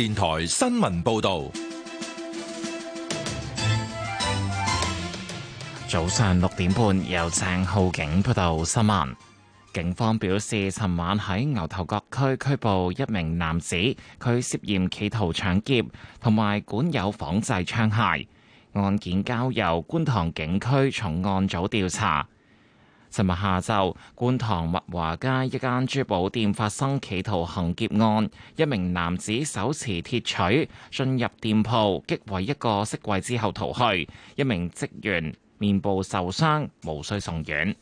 電台新聞報道，早上六點半由鄭浩景報道新聞。警方表示，尋晚喺牛頭角區拘捕一名男子，佢涉嫌企圖搶劫同埋管有仿製槍械，案件交由觀塘警區重案組調查。尋日下晝，觀塘物華街一間珠寶店發生企圖行劫案，一名男子手持鐵錘進入店鋪，擊毀一個飾櫃之後逃去，一名職員面部受傷，無需送院。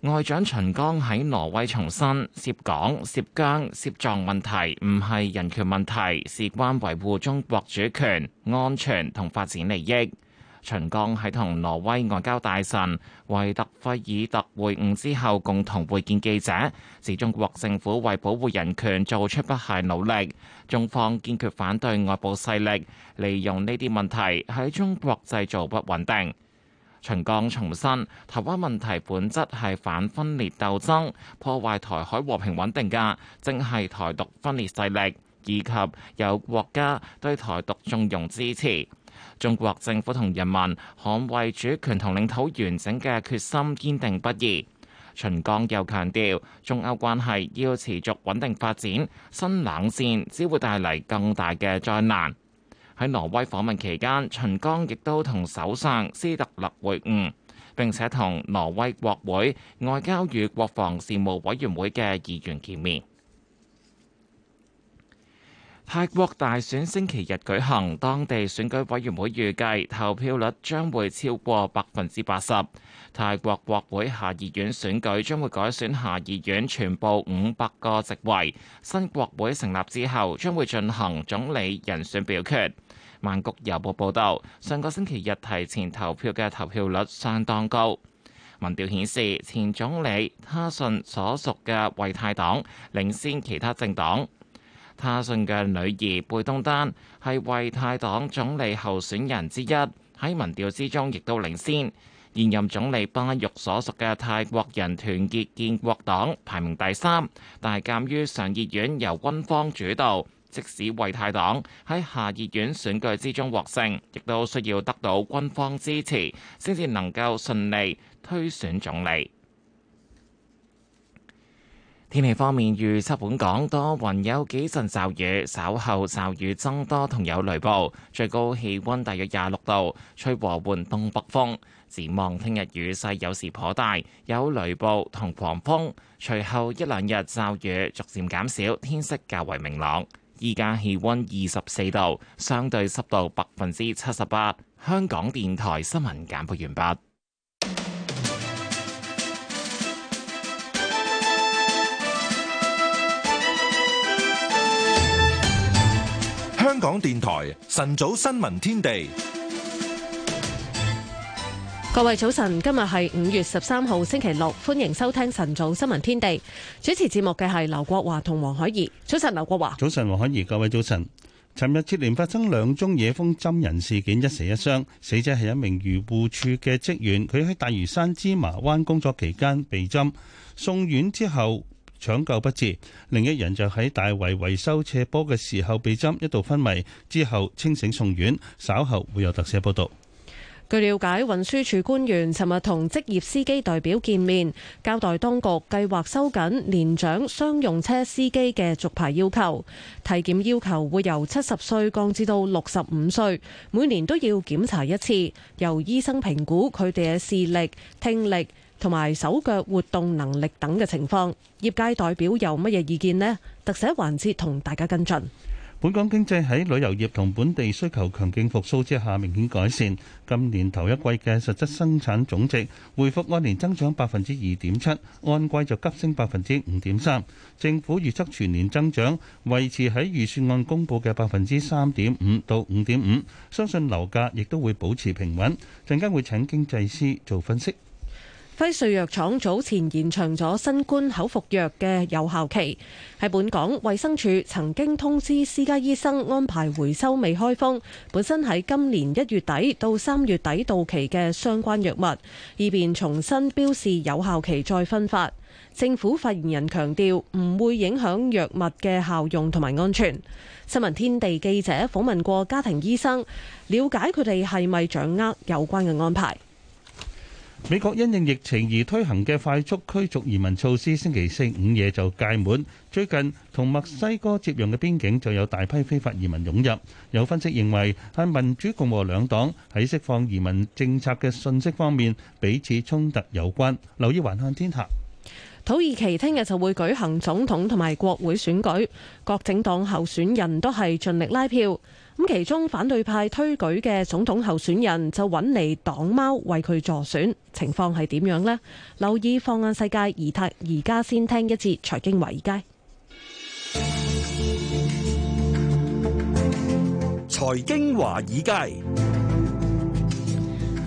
外長秦剛喺挪威重申，涉港、涉疆、涉藏問題唔係人權問題，事關維護中國主權、安全同發展利益。秦剛喺同挪威外交大臣維特費爾特會晤之後，共同會見記者，指中國政府為保護人權做出不懈努力，中方堅決反對外部勢力利用呢啲問題喺中國製造不穩定。秦剛重申，台灣問題本質係反分裂鬥爭，破壞台海和平穩定嘅，正係台獨分裂勢力以及有國家對台獨縱容支持。中國政府同人民捍衛主權同領土完整嘅決心堅定不移。秦剛又強調，中歐關係要持續穩定發展，新冷戰只會帶嚟更大嘅災難。喺挪威訪問期間，秦剛亦都同首相斯特勒會晤，並且同挪威國會外交與國防事務委員會嘅議員見面。泰國大選星期日舉行，當地選舉委員會預計投票率將會超過百分之八十。泰國國會下議院選舉將會改選下議院全部五百個席位，新國會成立之後將會進行總理人選表決。《曼谷郵報》報道，上個星期日提前投票嘅投票率相當高，民調顯示前總理他信所屬嘅維泰黨領先其他政黨。他信嘅女兒貝東丹係惠泰黨總理候選人之一，喺民調之中亦都領先。現任總理巴育所屬嘅泰國人團結建國黨排名第三，但係鑑於上議院由軍方主導，即使惠泰黨喺下議院選舉之中獲勝亦都需要得到軍方支持，先至能夠順利推選總理。天氣方面，預測本港多雲，有幾陣驟雨，稍後驟雨增多同有雷暴，最高氣溫大約廿六度，吹和緩東北風。展望聽日雨勢有時頗大，有雷暴同狂風，隨後一兩日驟雨逐漸減少，天色較為明朗。依家氣溫二十四度，相對濕度百分之七十八。香港電台新聞簡報完畢。香港電台晨早新聞天地，各位早晨，今日係五月十三號星期六，歡迎收聽晨早新聞天地。主持節目嘅係劉國華同黃海怡。早晨，劉國華。早晨，黃海怡。各位早晨。尋日接連發生兩宗野蜂針人事件，一死一傷。死者係一名漁護處嘅職員，佢喺大嶼山芝麻灣工作期間被針，送院之後。搶救不治，另一人就喺大圍維修斜坡嘅時候被針，一度昏迷，之後清醒送院，稍後會有特寫報道。據了解，運輸署官員尋日同職業司機代表見面，交代當局計劃收緊年長商用車司機嘅續牌要求，體檢要求會由七十歲降至到六十五歲，每年都要檢查一次，由醫生評估佢哋嘅視力、聽力。同埋手腳活動能力等嘅情況，業界代表有乜嘢意見呢？特寫環節同大家跟進。本港經濟喺旅遊業同本地需求強勁復甦之下明顯改善，今年頭一季嘅實質生產總值回復按年增長百分之二點七，按季就急升百分之五點三。政府預測全年增長維持喺預算案公布嘅百分之三點五到五點五，相信樓價亦都會保持平穩。陣間會請經濟師做分析。輝瑞藥廠早前延長咗新冠口服藥嘅有效期，喺本港衛生署曾經通知私家醫生安排回收未開封、本身喺今年一月底到三月底到期嘅相關藥物，以便重新標示有效期再分發。政府發言人強調唔會影響藥物嘅效用同埋安全。新聞天地記者訪問過家庭醫生，了解佢哋係咪掌握有關嘅安排。美國因應疫情而推行嘅快速驅逐移民措施，星期四午夜就屆滿。最近同墨西哥接壤嘅邊境就有大批非法移民湧入，有分析認為係民主共和兩黨喺釋放移民政策嘅信息方面彼此衝突有關。留意環看天下。土耳其聽日就會舉行總統同埋國會選舉，各政黨候選人都係盡力拉票。咁其中反對派推舉嘅總統候選人就揾嚟黨貓為佢助選，情況係點樣呢？留意放眼世界，而泰而家先聽一節財經華爾街。財經華爾街，街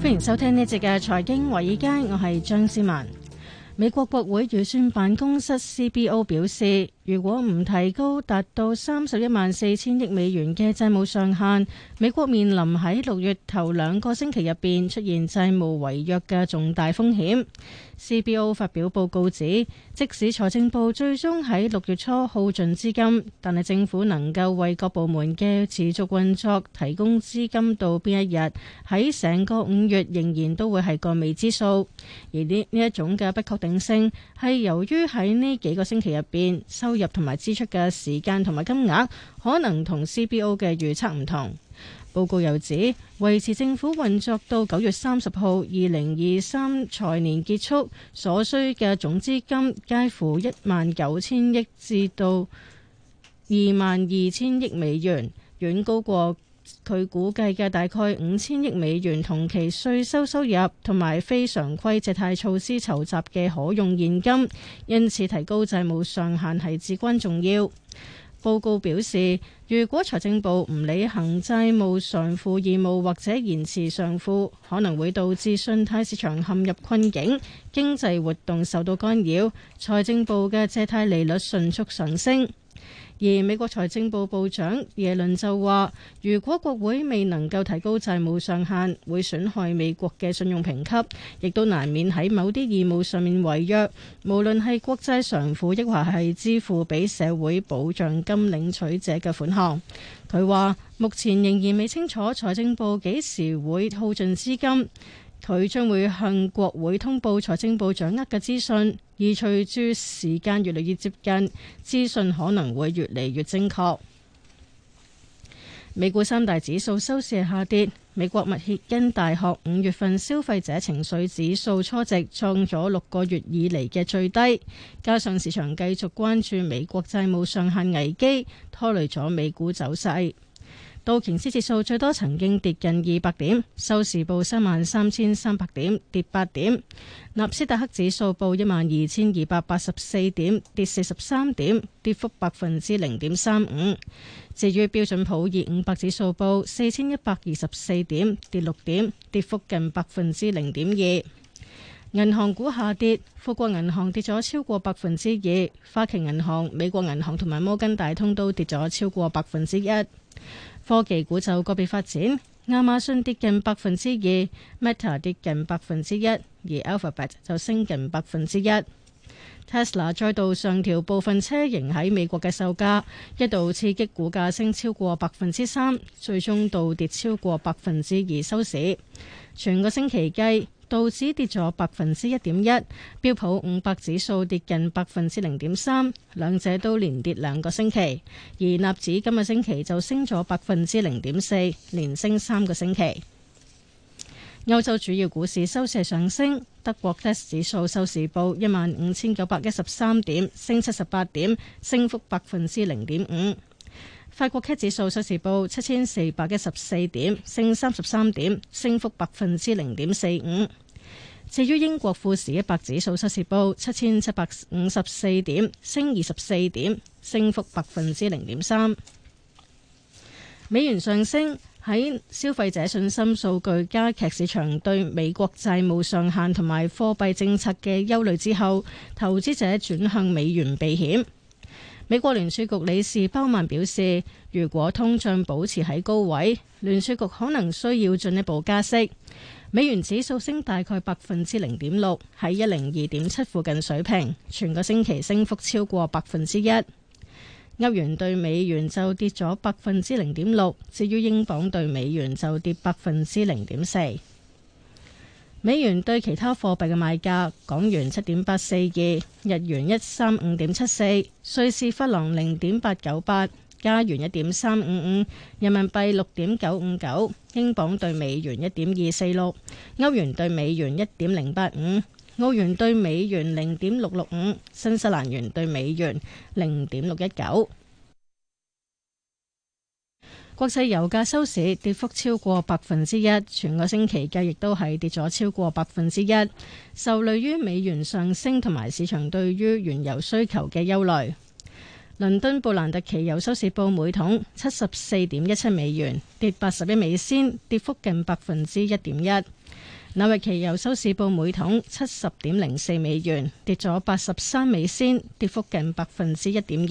歡迎收聽呢節嘅財經華爾街，我係張思文。美國國會預算辦公室 CBO 表示，如果唔提高達到三十一萬四千億美元嘅債務上限，美國面臨喺六月頭兩個星期入邊出現債務違約嘅重大風險。CBO 發表報告指，即使財政部最終喺六月初耗盡資金，但係政府能夠為各部門嘅持續運作提供資金到邊一日，喺成個五月仍然都會係個未知數。而呢呢一種嘅不確定性，係由於喺呢幾個星期入邊收入同埋支出嘅時間同埋金額，可能同 CBO 嘅預測唔同。報告又指，維持政府運作到九月三十號二零二三財年結束所需嘅總資金，介乎一萬九千億至到二萬二千億美元，遠高過。佢估計嘅大概五千億美元，同期稅收收入同埋非常規借貸措施籌集嘅可用現金，因此提高債務上限係至關重要。報告表示，如果財政部唔履行債務償付義務或者延遲償付，可能會導致信貸市場陷入困境，經濟活動受到干擾，財政部嘅借貸利率迅速上升。而美國財政部部長耶倫就話：如果國會未能夠提高債務上限，會損害美國嘅信用評級，亦都難免喺某啲義務上面違約，無論係國債償付，抑或係支付俾社會保障金領取者嘅款項。佢話：目前仍然未清楚財政部幾時會耗盡資金。佢將會向國會通報財政部掌握嘅資訊，而隨住時間越嚟越接近，資訊可能會越嚟越正確。美股三大指數收市下跌，美國密歇根大學五月份消費者情緒指數初值創咗六個月以嚟嘅最低，加上市場繼續關注美國債務上限危機，拖累咗美股走勢。道瓊斯指數最多曾經跌近二百點，收市報三萬三千三百點，跌八點；納斯達克指數報一萬二千二百八十四點，跌四十三點，跌幅百分之零點三五。至於標準普爾五百指數報四千一百二十四點，跌六點，跌幅近百分之零點二。銀行股下跌，富國銀行跌咗超過百分之二，花旗銀行、美國銀行同埋摩根大通都跌咗超過百分之一。科技股就個別發展，亞馬遜跌近百分之二，Meta 跌近百分之一，而 Alphabet 就升近百分之一。Tesla 再度上調部分車型喺美國嘅售價，一度刺激股價升超過百分之三，最終倒跌超過百分之二收市。全個星期計，道指跌咗百分之一點一，標普五百指數跌近百分之零點三，兩者都連跌兩個星期。而納指今個星期就升咗百分之零點四，連升三個星期。歐洲主要股市收市上升，德國 DAX 指數收市報一萬五千九百一十三點，升七十八點，升幅百分之零點五。法國 CAC 指數收市報七千四百一十四點，升三十三點，升幅百分之零點四五。.至於英國富時一百指數失試報七千七百五十四點，升二十四點，升幅百分之零點三。美元上升，喺消費者信心數據加劇市場對美國債務上限同埋貨幣政策嘅憂慮之後，投資者轉向美元避險。美國聯儲局理事鮑曼表示，如果通脹保持喺高位，聯儲局可能需要進一步加息。美元指數升大概百分之零點六，喺一零二點七附近水平。全個星期升幅超過百分之一。歐元對美元就跌咗百分之零點六，至於英鎊對美元就跌百分之零點四。美元對其他貨幣嘅賣價：港元七點八四二，日元一三五點七四，瑞士法郎零點八九八。加元一點三五五，人民幣六點九五九，英鎊兌美元一點二四六，歐元兌美元一點零八五，澳元兌美元零點六六五，新西蘭元兌美元零點六一九。國際油價收市跌幅超過百分之一，全個星期嘅亦都係跌咗超過百分之一，受累於美元上升同埋市場對於原油需求嘅憂慮。倫敦布蘭特期油收市報每桶七十四點一七美元，跌八十一美仙，跌幅近百分之一點一。紐約期油收市報每桶七十點零四美元，跌咗八十三美仙，跌幅近百分之一點二。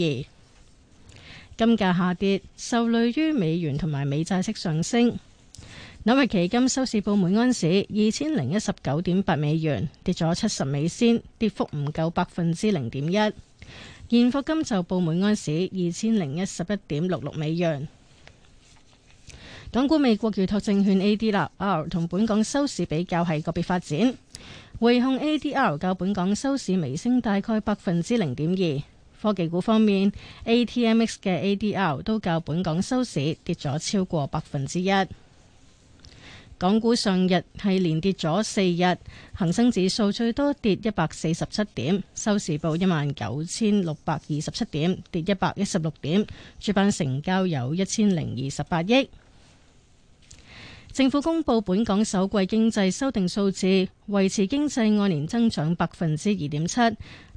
金價下跌，受累於美元同埋美債息上升。紐約期金收市報每安士二千零一十九點八美元，跌咗七十美仙，跌幅唔夠百分之零點一。現貨金就報每安士，二千零一十一點六六美元。港股美國預託證券 A D R 同本港收市比較係個別發展，匯控 A D R 較本港收市微升大概百分之零點二。科技股方面，A T M X 嘅 A D R 都較本港收市跌咗超過百分之一。港股上日係連跌咗四日，恒生指數最多跌一百四十七點，收市報一萬九千六百二十七點，跌一百一十六點。主板成交有一千零二十八億。政府公布本港首季經濟修訂數字，維持經濟按年增長百分之二點七，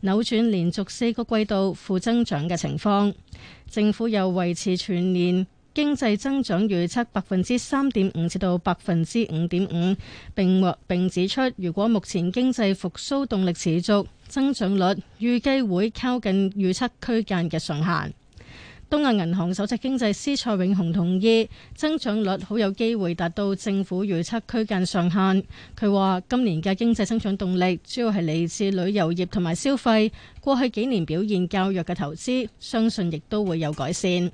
扭轉連續四個季度負增長嘅情況。政府又維持全年，經濟增長預測百分之三點五至到百分之五點五，並並指出，如果目前經濟復蘇動力持續，增長率預計會靠近預測區間嘅上限。東亞銀行首席經濟師蔡永雄同意，增長率好有機會達到政府預測區間上限。佢話今年嘅經濟增長動力主要係嚟自旅遊業同埋消費，過去幾年表現較弱嘅投資，相信亦都會有改善。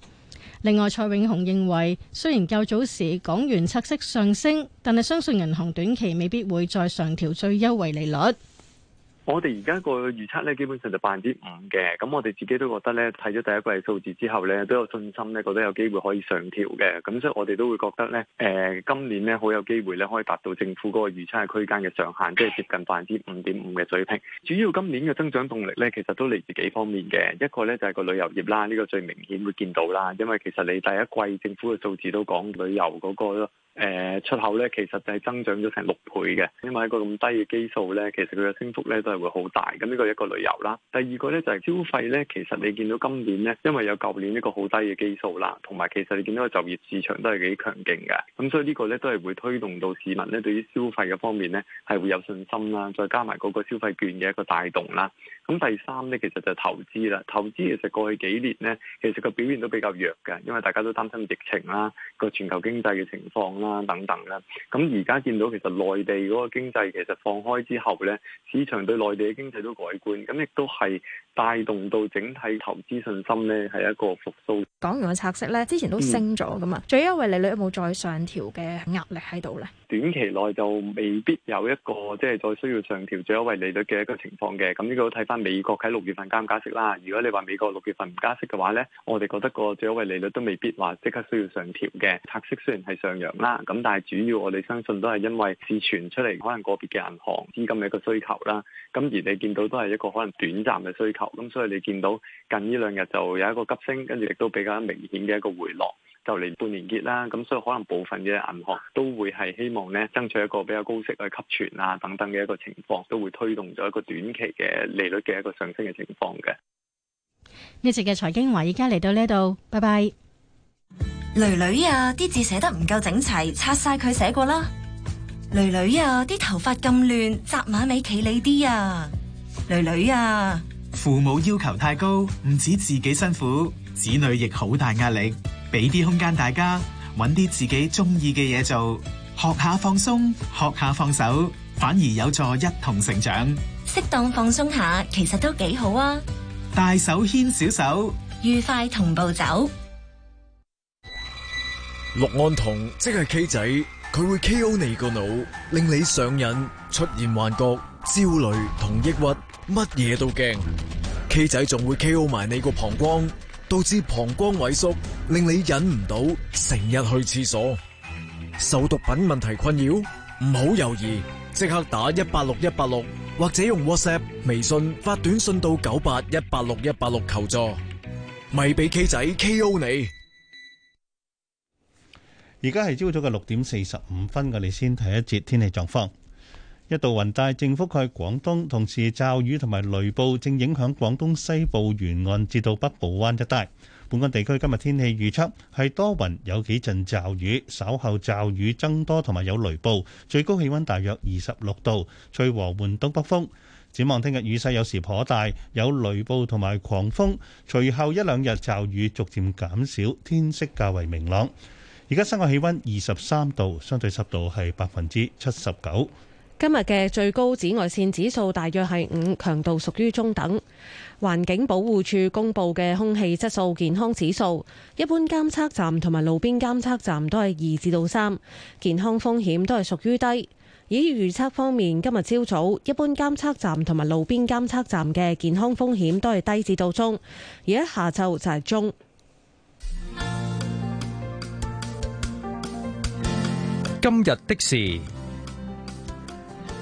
另外，蔡永雄認為，雖然較早時港元拆息上升，但係相信銀行短期未必會再上調最優惠利率。我哋而家個預測咧，基本上就百分之五嘅。咁我哋自己都覺得咧，睇咗第一季數字之後咧，都有信心咧，覺得有機會可以上調嘅。咁所以我哋都會覺得咧，誒今年咧好有機會咧，可以達到政府嗰個預測嘅區間嘅上限，即係接近百分之五點五嘅水平。主要今年嘅增長動力咧，其實都嚟自幾方面嘅，一個咧就係個旅遊業啦，呢個最明顯會見到啦，因為其實你第一季政府嘅數字都講旅遊嗰個咯。誒出口咧，其實就係增長咗成六倍嘅，因為一個咁低嘅基數咧，其實佢嘅升幅咧都係會好大。咁呢個一個旅遊啦，第二個咧就係消費咧，其實你見到今年咧，因為有舊年呢個好低嘅基數啦，同埋其實你見到個就業市場都係幾強勁嘅，咁所以呢個咧都係會推動到市民咧對於消費嘅方面咧係會有信心啦，再加埋嗰個消費券嘅一個帶動啦。咁第三呢，其實就投資啦。投資其實過去幾年呢，其實個表現都比較弱嘅，因為大家都擔心疫情啦、個全球經濟嘅情況啦等等啦。咁而家見到其實內地嗰個經濟其實放開之後呢，市場對內地嘅經濟都改觀，咁亦都係帶動到整體投資信心呢係一個復甦。講完個拆息呢，之前都升咗咁嘛。嗯、最優惠利率有冇再上調嘅壓力喺度呢？短期內就未必有一個即係、就是、再需要上調最優惠利率嘅一個情況嘅，咁呢個睇美國喺六月份加唔加息啦？如果你話美國六月份唔加息嘅話呢，我哋覺得個最優惠嘅利率都未必話即刻需要上調嘅。拆息雖然係上揚啦，咁但係主要我哋相信都係因為市傳出嚟可能個別嘅銀行資金嘅一個需求啦。咁而你見到都係一個可能短暫嘅需求，咁所以你見到近呢兩日就有一個急升，跟住亦都比較明顯嘅一個回落。就嚟半年結啦，咁所以可能部分嘅銀行都會係希望咧，爭取一個比較高息嘅吸存啊等等嘅一個情況，都會推動咗一個短期嘅利率嘅一個上升嘅情況嘅。呢集嘅財經話，而家嚟到呢度，拜拜。女女啊。女女啊，啲字寫得唔夠整齊，拆晒佢寫過啦。女女啊，啲頭髮咁亂，紮馬尾企理啲啊。女女啊，父母要求太高，唔止自己辛苦。子女亦好大壓力，俾啲空間大家，揾啲自己中意嘅嘢做，學下放鬆，學下放手，反而有助一同成長。適當放鬆下，其實都幾好啊！大手牽小手，愉快同步走。氯胺酮即係 K 仔，佢會 KO 你個腦，令你上癮，出現幻覺、焦慮同抑鬱，乜嘢都驚。K 仔仲會 KO 埋你個膀胱。導致膀胱萎縮，令你忍唔到，成日去廁所。受毒品問題困擾，唔好猶豫，即刻打一八六一八六，或者用 WhatsApp、微信、發短信到九八一八六一八六求助，咪俾 K 仔 KO 你。而家係朝早嘅六點四十五分，我哋先睇一節天氣狀況。一道雲帶正覆蓋廣東，同時驟雨同埋雷暴正影響廣東西部沿岸至到北部灣一帶。本港地區今日天,天氣預測係多雲，有幾陣驟雨，稍後驟雨增多同埋有雷暴，最高氣温大約二十六度，吹和緩東北風。展望聽日雨勢有時頗大，有雷暴同埋狂風，隨後一兩日驟雨逐漸減,減,減,減,減,減少，天色較為明朗。而家室外氣温二十三度，相對濕度係百分之七十九。今日嘅最高紫外線指數大約係五，強度屬於中等。環境保護署公布嘅空氣質素健康指數，一般監測站同埋路邊監測站都係二至到三，健康風險都係屬於低。以預測方面，今日朝早一般監測站同埋路邊監測站嘅健康風險都係低至到中，而喺下晝就係中。今日的事。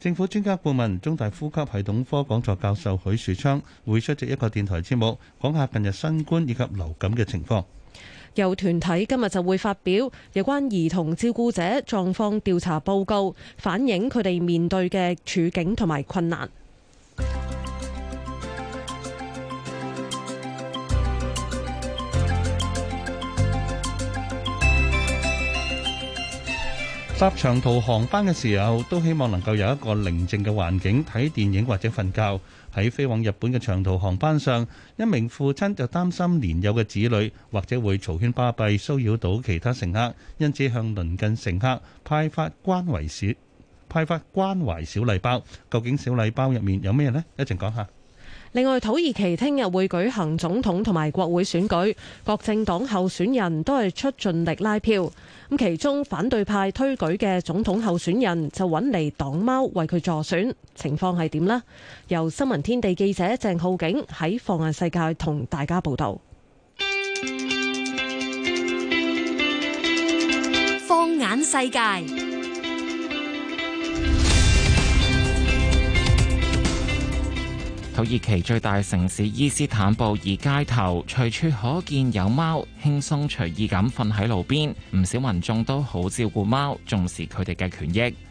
政府專家顧問、中大呼吸系統科講座教授許樹昌會出席一個電台節目，講下近日新冠以及流感嘅情況。有團體今日就會發表有關兒童照顧者狀況調查報告，反映佢哋面對嘅處境同埋困難。搭長途航班嘅時候，都希望能夠有一個寧靜嘅環境睇電影或者瞓覺。喺飛往日本嘅長途航班上，一名父親就擔心年幼嘅子女或者會嘈喧巴閉，騷擾到其他乘客，因此向鄰近乘客派發關懷小派發關懷小禮包。究竟小禮包入面有咩呢？一陣講下。另外，土耳其聽日會舉行總統同埋國會選舉，各政黨候選人都係出盡力拉票。咁其中反對派推舉嘅總統候選人就揾嚟黨貓為佢助選，情況係點呢？由新聞天地記者鄭浩景喺放眼世界同大家報道。放眼世界。土耳其最大城市伊斯坦布爾街頭，隨處可見有貓，輕鬆隨意咁瞓喺路邊，唔少民眾都好照顧貓，重視佢哋嘅權益。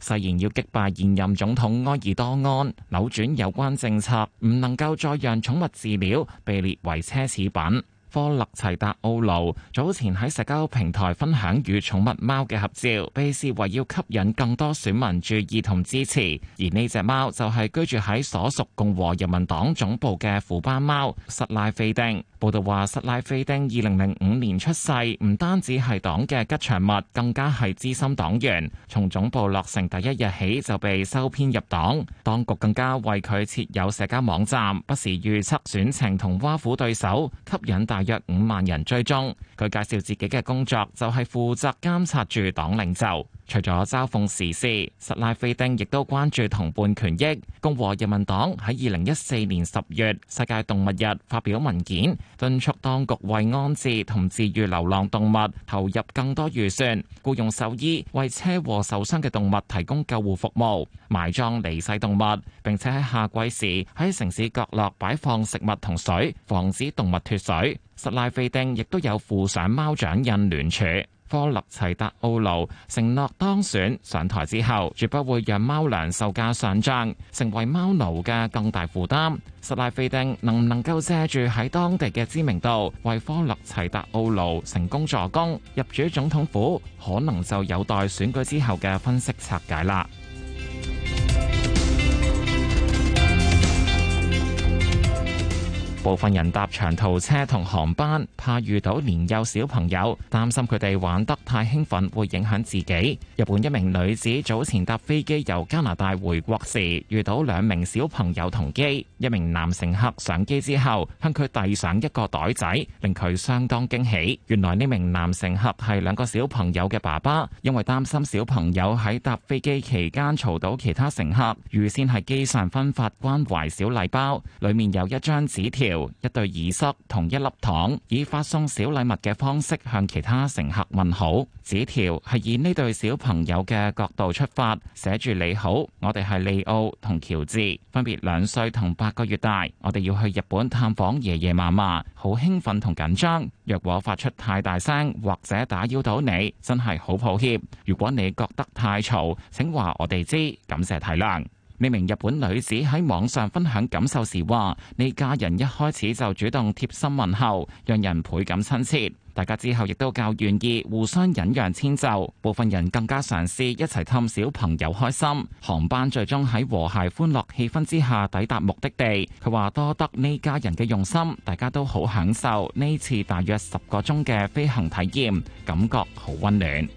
誓言要擊敗現任總統埃爾多安，扭轉有關政策，唔能夠再讓寵物治療被列為奢侈品。科勒齊達奧盧早前喺社交平台分享與寵物貓嘅合照，被視為要吸引更多選民注意同支持。而呢隻貓就係居住喺所屬共和人民黨總部嘅虎斑貓塞拉菲丁。報道話塞拉菲丁二零零五年出世，唔單止係黨嘅吉祥物，更加係資深黨員，從總部落成第一日起就被收編入黨，當局更加為佢設有社交網站，不時預測選情同挖苦對手，吸引大。大約五萬人追蹤。佢介紹自己嘅工作就係負責監察住黨領袖。除咗嘲諷時事，薩拉菲丁亦都關注同伴權益。共和人民黨喺二零一四年十月世界動物日發表文件，敦促當局為安置同治癒流浪動物投入更多預算，雇用獸醫為車禍受傷嘅動物提供救護服務、埋葬離世動物，並且喺夏季時喺城市角落擺放食物同水，防止動物脫水。薩拉菲丁亦都有附上貓掌印聯署。科立齊達奧盧承諾當選上台之後，絕不會讓貓糧售價上漲，成為貓奴嘅更大負擔。實乃費定能唔能夠借住喺當地嘅知名度，為科立齊達奧盧成功助攻入主總統府，可能就有待選舉之後嘅分析拆解啦。部分人搭長途車同航班，怕遇到年幼小朋友，擔心佢哋玩得太興奮會影響自己。日本一名女子早前搭飛機由加拿大回國時，遇到兩名小朋友同機，一名男乘客上機之後向佢遞上一個袋仔，令佢相當驚喜。原來呢名男乘客係兩個小朋友嘅爸爸，因為擔心小朋友喺搭飛機期間吵到其他乘客，預先喺機上分發關懷小禮包，裡面有一張紙條。一對耳塞同一粒糖，以發送小禮物嘅方式向其他乘客問好。紙條係以呢對小朋友嘅角度出發，寫住你好，我哋係利奧同喬治，分別兩歲同八個月大，我哋要去日本探訪爺爺嫲嫲，好興奮同緊張。若果發出太大聲或者打擾到你，真係好抱歉。如果你覺得太嘈，請話我哋知，感謝體諒。呢名日本女子喺網上分享感受時話，呢家人一開始就主動貼心問候，讓人倍感親切。大家之後亦都較願意互相忍讓遷就，部分人更加嘗試一齊氹小朋友開心。航班最終喺和諧歡樂氣氛之下抵達目的地。佢話多得呢家人嘅用心，大家都好享受呢次大約十個鐘嘅飛行體驗，感覺好溫暖。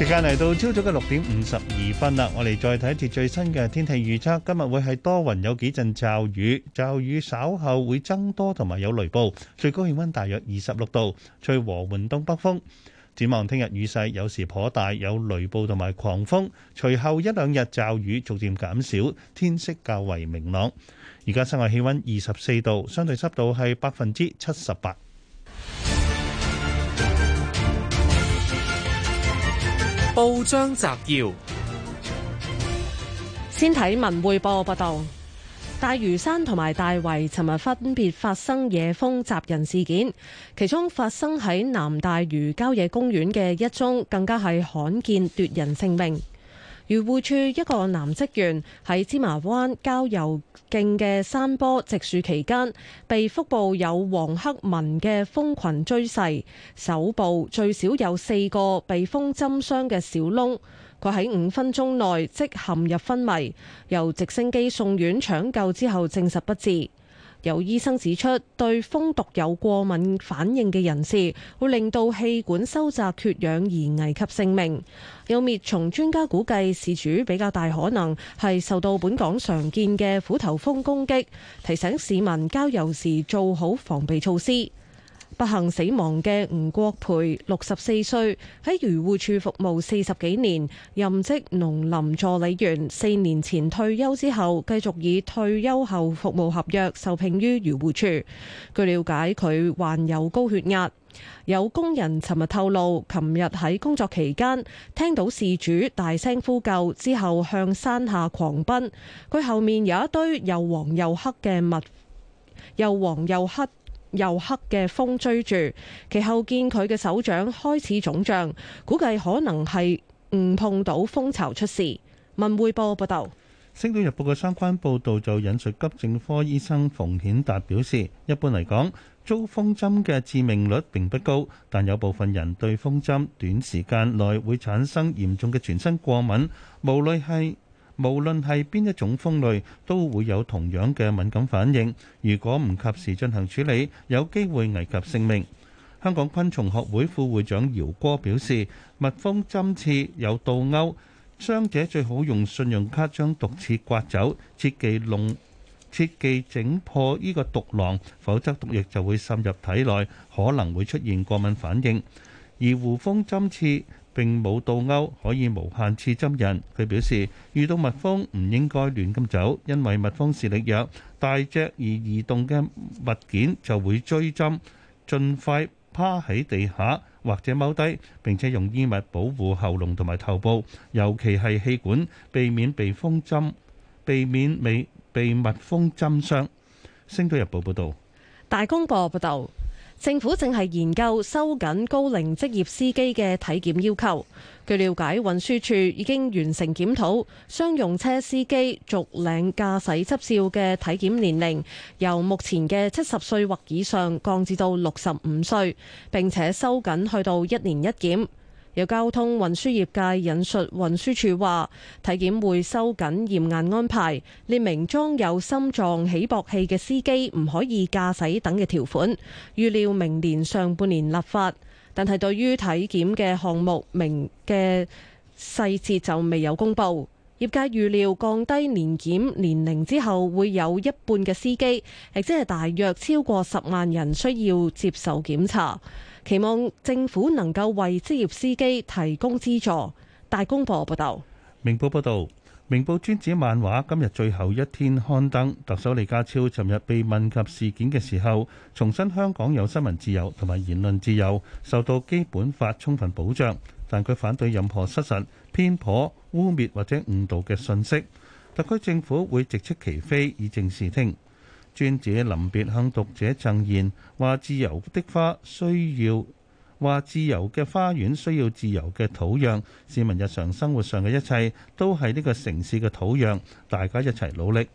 時間嚟到朝早嘅六點五十二分啦，我哋再睇一次最新嘅天氣預測。今日會係多雲，有幾陣驟雨，驟雨稍後會增多同埋有雷暴，最高氣溫大約二十六度，吹和緩東北風。展望聽日雨勢有時頗大，有雷暴同埋狂風，隨後一兩日驟雨逐漸減少，天色較為明朗。而家室外氣溫二十四度，相對濕度係百分之七十八。報章摘要，先睇文匯報報道，大嶼山同埋大圍尋日分別發生野蜂襲人事件，其中發生喺南大嶼郊野公園嘅一宗，更加係罕見奪人性命。漁護處一個男職員喺芝麻灣郊遊徑嘅山坡植樹期間，被腹部有黃黑紋嘅蜂群追噬，手部最少有四個被蜂針傷嘅小窿。佢喺五分鐘內即陷入昏迷，由直升機送院搶救之後，證實不治。有醫生指出，對蜂毒有過敏反應嘅人士，會令到氣管收窄缺氧而危及性命。有滅蟲專家估計，事主比較大可能係受到本港常見嘅虎頭蜂攻擊，提醒市民郊遊時做好防備措施。不幸死亡嘅吳國培，六十四歲，喺漁護署服務四十幾年，任職農林助理員。四年前退休之後，繼續以退休後服務合約受聘於漁護署。據了解，佢患有高血壓。有工人尋日透露，琴日喺工作期間聽到事主大聲呼救之後，向山下狂奔。佢後面有一堆又黃又黑嘅物，又黃又黑。又黑嘅蜂追住，其後見佢嘅手掌開始腫脹，估計可能係誤碰到蜂巢出事。文匯報報道，星島日報嘅相關報道就引述急症科醫生馮顯達表示，一般嚟講，遭蜂針嘅致命率並不高，但有部分人對蜂針短時間內會產生嚴重嘅全身過敏，無論係。無論係邊一種蜂類，都會有同樣嘅敏感反應。如果唔及時進行處理，有機會危及性命。香港昆蟲學會副會長姚哥表示，蜜蜂針刺有倒鉤，傷者最好用信用卡將毒刺刮走，切忌弄，切忌整破呢個毒囊，否則毒液就會滲入體內，可能會出現過敏反應。而胡蜂針刺。並冇倒勾，可以無限次針人。佢表示，遇到蜜蜂唔應該亂咁走，因為蜜蜂視力弱，大隻而移動嘅物件就會追針。盡快趴喺地下或者踎低，並且用衣物保護喉嚨同埋頭部，尤其係氣管，避免被蜂針，避免未被蜜蜂針傷。星島日報報道。大公報報導。政府正係研究收緊高齡職業司機嘅體檢要求。據了解，運輸署已經完成檢討，商用車司機續領駕駛執照嘅體檢年齡，由目前嘅七十歲或以上降至到六十五歲，並且收緊去到一年一檢。有交通運輸業界引述運輸署話，體檢會收緊驗眼安排，列明裝有心臟起搏器嘅司機唔可以駕駛等嘅條款。預料明年上半年立法，但係對於體檢嘅項目明嘅細節就未有公布。業界預料降低年檢年齡之後，會有一半嘅司機，亦即係大約超過十萬人需要接受檢查。期望政府能夠為職業司機提供資助。大公報報道。明報報道，明報報導，明報尊子漫畫今日最後一天刊登。特首李家超尋日被問及事件嘅時候，重申香港有新聞自由同埋言論自由受到基本法充分保障，但佢反對任何失實、偏頗、污蔑或者誤導嘅信息。特區政府會直斥其非，以正視聽。尊子臨別向讀者贈言，話自由的花需要，話自由嘅花園需要自由嘅土壤，市民日常生活上嘅一切都係呢個城市嘅土壤，大家一齊努力。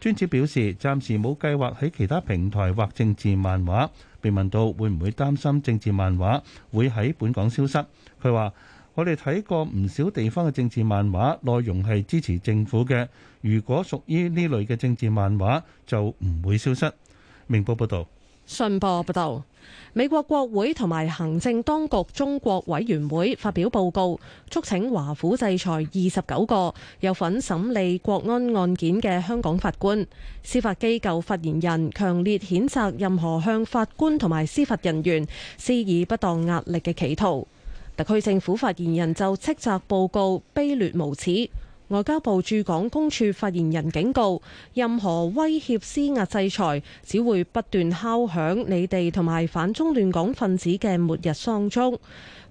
尊子表示暫時冇計劃喺其他平台畫政治漫畫，被問到會唔會擔心政治漫畫會喺本港消失，佢話：我哋睇過唔少地方嘅政治漫畫，內容係支持政府嘅。如果屬於呢類嘅政治漫畫，就唔會消失。明報報道。信報報道，美國國會同埋行政當局中國委員會發表報告，促請華府制裁二十九個有份審理國安案件嘅香港法官。司法機構發言人強烈譴責任何向法官同埋司法人員施以不當壓力嘅企圖。特區政府發言人就斥責報告卑劣無恥。外交部駐港公署發言人警告：任何威脅施壓制裁，只會不斷敲響你哋同埋反中亂港分子嘅末日喪鐘。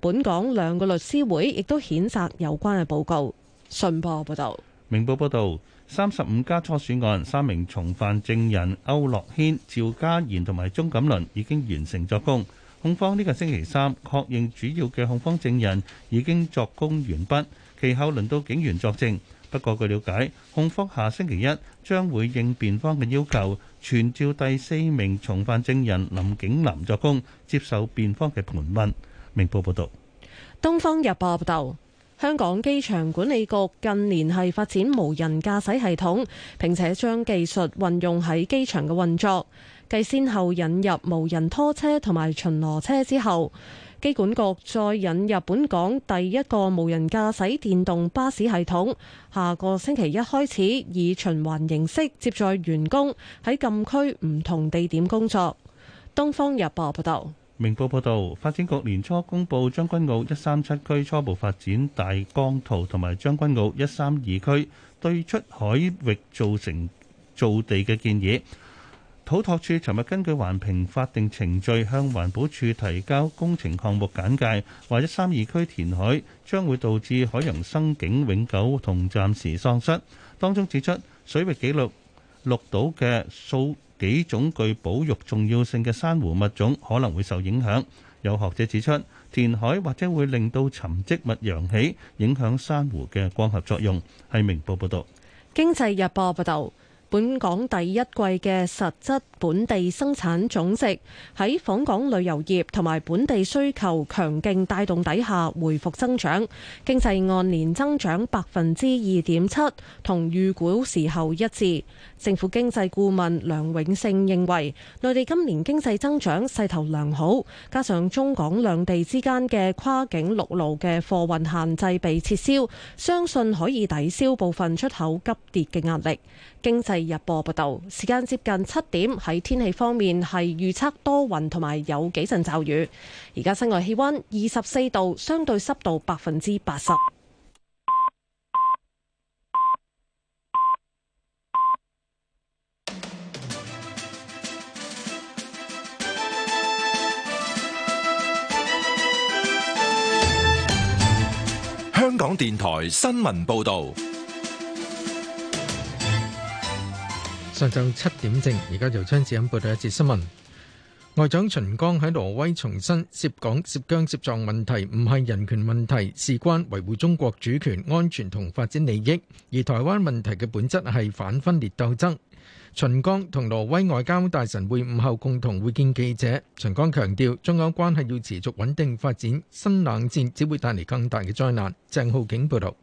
本港兩個律師會亦都譴責有關嘅報告。信報報道，明報報道，三十五家初選案，三名從犯證人區諾軒、趙家賢同埋鐘錦麟已經完成作供。控方呢個星期三確認主要嘅控方證人已經作供完畢，其後輪到警員作證。不過據了解，控方下星期一將會應辯方嘅要求，傳召第四名從犯證人林景南作供，接受辯方嘅盤問。明報報道，東方日報報道。香港機場管理局近年係發展無人駕駛系統，並且將技術運用喺機場嘅運作。繼先後引入無人拖車同埋巡邏車之後，機管局再引入本港第一個無人駕駛電動巴士系統，下個星期一開始以循環形式接載員工喺禁區唔同地點工作。東方日報報道。明報報導，發展局年初公布將軍澳一三七區初步發展大綱圖同埋將軍澳一三二區對出海域造成造地嘅建議。土拓署尋日根據環評法定程序向環保署提交工程項目簡介，話一三二區填海將會導致海洋生境永久同暫時喪失。當中指出，水域紀錄綠島嘅數。幾種具保育重要性嘅珊瑚物種可能會受影響。有學者指出，填海或者會令到沉積物揚起，影響珊瑚嘅光合作用。係明報報導。《經濟日報》報道，本港第一季嘅實質本地生產總值喺訪港旅遊業同埋本地需求強勁帶動底下回復增長，經濟按年增長百分之二點七，同預估時候一致。政府經濟顧問梁永勝認為，內地今年經濟增長勢頭良好，加上中港兩地之間嘅跨境陸路嘅貨運限制被撤銷，相信可以抵消部分出口急跌嘅壓力。經濟日報報道，時間接近七點，喺天氣方面係預測多雲同埋有幾陣驟雨。而家室外氣温二十四度，相對濕度百分之八十。香港電台新聞報道，上晝七點正，而家由張子欣報道一節新聞。外長秦剛喺挪威重申，涉港、涉疆、涉藏問題唔係人權問題，事關維護中國主權、安全同發展利益，而台灣問題嘅本質係反分裂鬥爭。秦剛同挪威外交大臣會晤後，共同會見記者。秦剛強調，中歐關係要持續穩定發展，新冷戰只會帶嚟更大嘅災難。鄭浩景報道。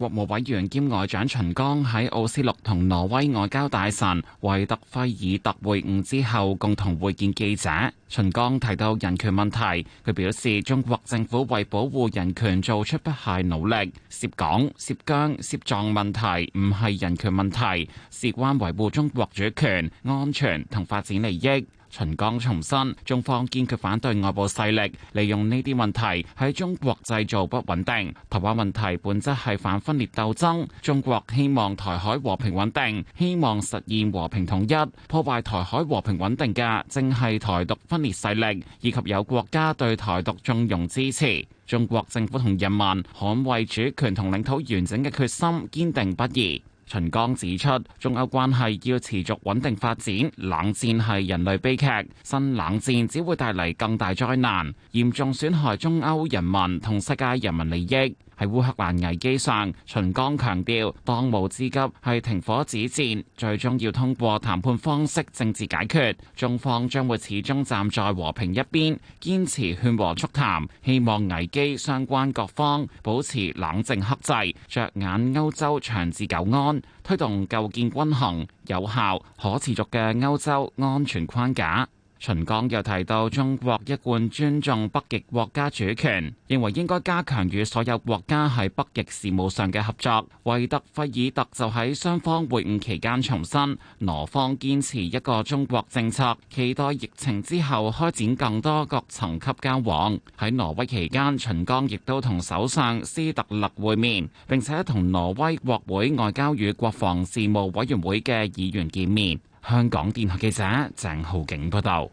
國務委員兼外長秦剛喺奧斯陸同挪威外交大臣維特菲爾特會晤之後，共同會見記者。秦剛提到人權問題，佢表示中國政府為保護人權做出不懈努力。涉港、涉疆、涉藏問題唔係人權問題，事關維護中國主權、安全同發展利益。秦剛重申，中方堅決反對外部勢力利用呢啲問題喺中國製造不穩定。台灣問題本質係反分裂鬥爭，中國希望台海和平穩定，希望實現和平統一。破壞台海和平穩定嘅，正係台獨分裂勢力，以及有國家對台獨縱容支持。中國政府同人民捍衛主權同領土完整嘅決心堅定不移。秦剛指出，中歐關係要持續穩定發展，冷戰係人類悲劇，新冷戰只會帶嚟更大災難，嚴重損害中歐人民同世界人民利益。喺烏克蘭危機上，秦剛強調，當務之急係停火止戰，最終要通過談判方式政治解決。中方將會始終站在和平一邊，堅持勸和促談，希望危機相關各方保持冷靜克制，着眼歐洲長治久安，推動構建均衡、有效、可持續嘅歐洲安全框架。秦剛又提到，中國一貫尊重北極國家主權，認為應該加強與所有國家喺北極事務上嘅合作。維特費爾特就喺雙方會晤期間重申，挪方堅持一個中國政策，期待疫情之後開展更多各層級交往。喺挪威期間，秦剛亦都同首相斯特勒會面，並且同挪威國會外交與國防事務委員會嘅議員見面。香港電台記者鄭浩景報道，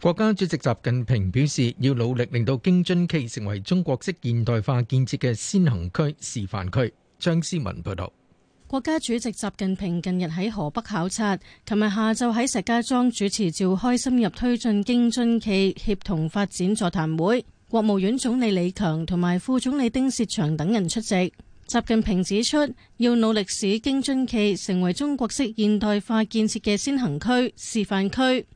國家主席習近平表示，要努力令到京津冀成為中國式現代化建設嘅先行區、示範區。張思文報道，國家主席習近平近日喺河北考察，琴日下晝喺石家莊主持召開深入推進京津冀協同發展座談會，國務院總理李強同埋副總理丁薛祥等人出席。習近平指出，要努力使京津冀成為中國式現代化建設嘅先行區、示範區。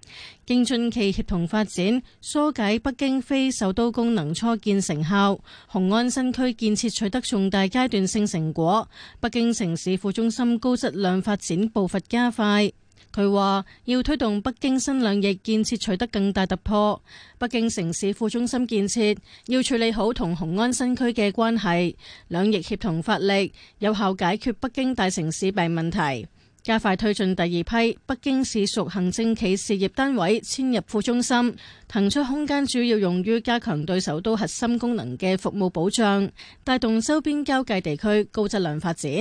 京津冀協同發展、疏解北京非首都功能初見成效，雄安新區建設取得重大階段性成果，北京城市副中心高質量發展步伐加快。佢話：要推動北京新兩翼建設取得更大突破，北京城市副中心建設要處理好同雄安新區嘅關係，兩翼協同發力，有效解決北京大城市病問題，加快推進第二批北京市屬行政企事業單位遷入副中心，騰出空間主要用於加強對首都核心功能嘅服務保障，帶動周邊交界地區高質量發展。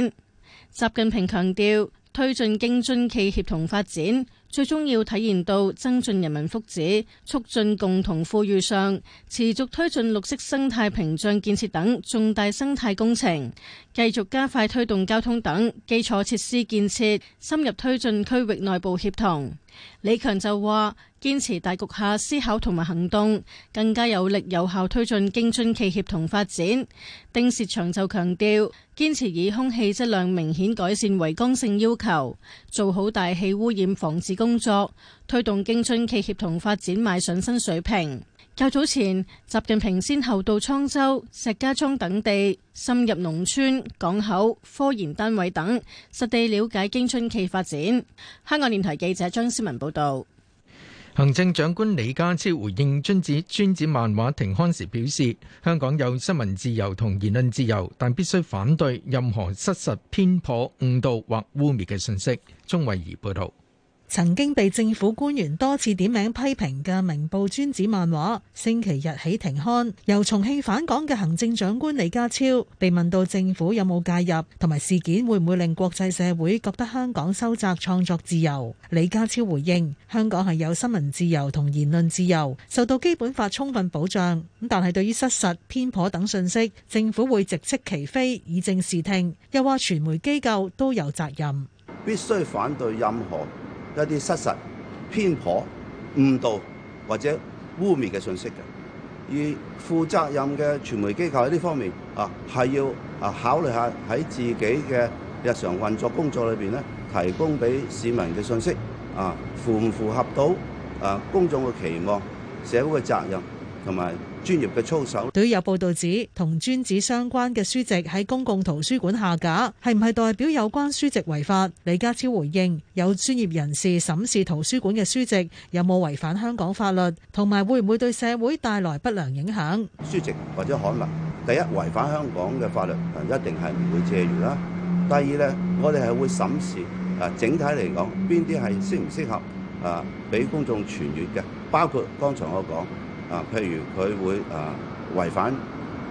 習近平強調。推進京津冀協同發展，最終要體現到增進人民福祉、促進共同富裕上。持續推進綠色生態屏障建設等重大生態工程，繼續加快推動交通等基礎設施建設，深入推進區域內部協同。李強就話：堅持大局下思考同埋行動，更加有力有效推進京津冀協同發展。丁薛祥就強調：堅持以空氣質量明顯改善為剛性要求，做好大氣污染防治工作，推動京津冀協同發展邁上新水平。較早前，習近平先後到滄州、石家莊等地，深入農村、港口、科研單位等，實地了解京津冀發展。香港電台記者張思文報道。行政長官李家超回應《尊子》《尊子》漫畫停刊時表示，香港有新聞自由同言論自由，但必須反對任何失實、偏頗、誤導或污衊嘅信息。鍾慧儀報道。曾經被政府官員多次點名批評嘅《明報尊子漫畫》，星期日起停刊。由重慶返港嘅行政長官李家超被問到政府有冇介入，同埋事件會唔會令國際社會覺得香港收窄創作自由？李家超回應：香港係有新聞自由同言論自由，受到基本法充分保障。咁但係對於失實、偏頗等信息，政府會直斥其非，以正視聽。又話傳媒機構都有責任，必須反對任何。一啲失實、偏頗、誤導或者污蔑嘅信息嘅，而負責任嘅傳媒機構喺呢方面啊，係要啊考慮下喺自己嘅日常運作工作裏邊咧，提供俾市民嘅信息啊，符唔符合到啊公眾嘅期望、社會嘅責任同埋。專業嘅操守。對於有報導指，同專子相關嘅書籍喺公共圖書館下架，係唔係代表有關書籍違法？李家超回應：有專業人士審視圖書館嘅書籍有冇違反香港法律，同埋會唔會對社會帶來不良影響？書籍或者可能第一違反香港嘅法律，一定係唔會借閲啦。第二呢，我哋係會審視啊，整體嚟講，邊啲係適唔適合啊，俾公眾傳閲嘅，包括剛才我講。啊，譬如佢會啊違反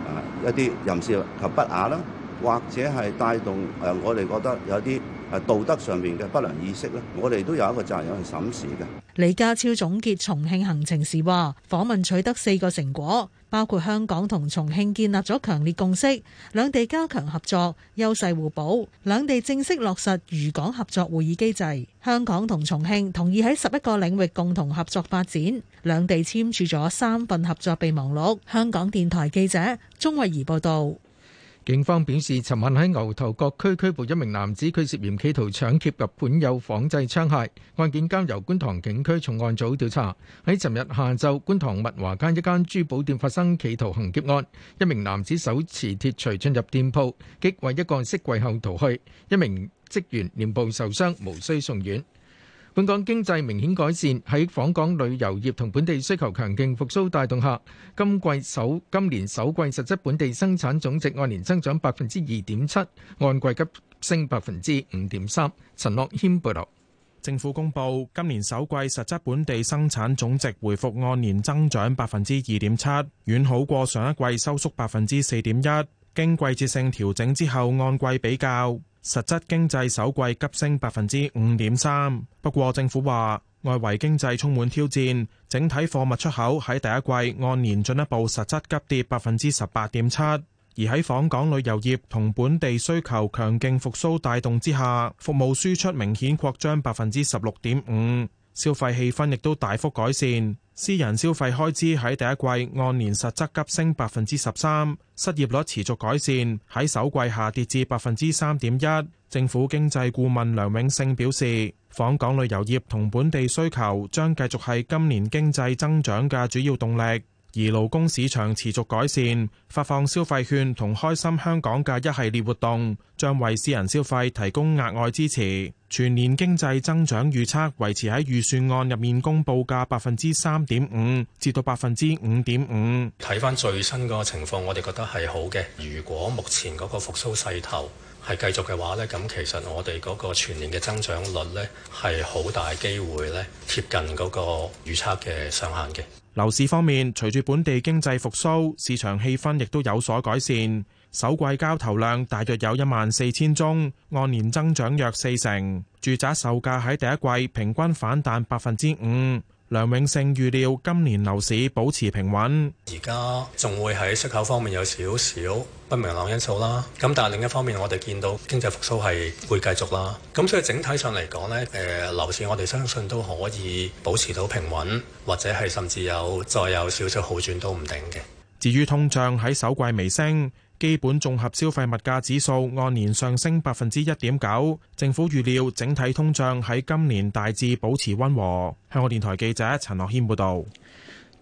啊一啲隱私及不雅啦，或者係帶動誒我哋覺得有啲誒道德上面嘅不良意識咧，我哋都有一個責任去審視嘅。李家超總結重慶行程時話：訪問取得四個成果。包括香港同重慶建立咗強烈共識，兩地加強合作、優勢互補，兩地正式落實渝港合作會議機制。香港同重慶同意喺十一個領域共同合作發展，兩地簽署咗三份合作備忘錄，香港電台記者鍾慧儀報道。警方表示，尋晚喺牛頭角區拘捕一名男子，佢涉嫌企圖搶劫及管有仿製槍械。案件交由觀塘警區重案組調查。喺尋日下晝觀塘物華街一間珠寶店發生企圖行劫案，一名男子手持鐵錘進入店鋪，擊毀一個飾櫃後逃去，一名職員臉部受傷，無需送院。本港經濟明顯改善，喺訪港旅遊業同本地需求強勁復甦帶動下，今季首今年首季實質本地生產總值按年增長百分之二點七，按季急升百分之五點三。陳樂軒報道，政府公布今年首季實質本地生產總值回復按年增長百分之二點七，遠好過上一季收縮百分之四點一，經季節性調整之後按季比較。實質經濟首季急升百分之五點三，不過政府話，外圍經濟充滿挑戰，整體貨物出口喺第一季按年進一步實質急跌百分之十八點七，而喺訪港旅遊業同本地需求強勁復甦帶動之下，服務輸出明顯擴張百分之十六點五，消費氣氛亦都大幅改善。私人消費開支喺第一季按年實質急升百分之十三，失業率持續改善，喺首季下跌至百分之三點一。政府經濟顧問梁永勝表示，訪港旅遊業同本地需求將繼續係今年經濟增長嘅主要動力，而勞工市場持續改善，發放消費券同開心香港嘅一系列活動，將為私人消費提供額外支持。全年經濟增長預測維持喺預算案入面公布嘅百分之三點五至到百分之五點五。睇翻最新嗰個情況，我哋覺得係好嘅。如果目前嗰個復甦勢頭係繼續嘅話，咧，咁其實，我哋嗰個全年嘅增長率咧係好大機會咧貼近嗰個預測嘅上限嘅。樓市方面，隨住本地經濟復蘇，市場氣氛亦都有所改善。首季交投量大約有一萬四千宗，按年增長約四成。住宅售價喺第一季平均反彈百分之五。梁永勝預料今年樓市保持平穩，而家仲會喺出口方面有少少不明朗因素啦。咁但係另一方面，我哋見到經濟復甦係會繼續啦。咁所以整體上嚟講呢，誒樓市我哋相信都可以保持到平穩，或者係甚至有再有少少好轉都唔定嘅。至於通脹喺首季微升。基本綜合消費物價指數按年上升百分之一點九，政府預料整體通脹喺今年大致保持溫和。香港電台記者陳樂軒報導。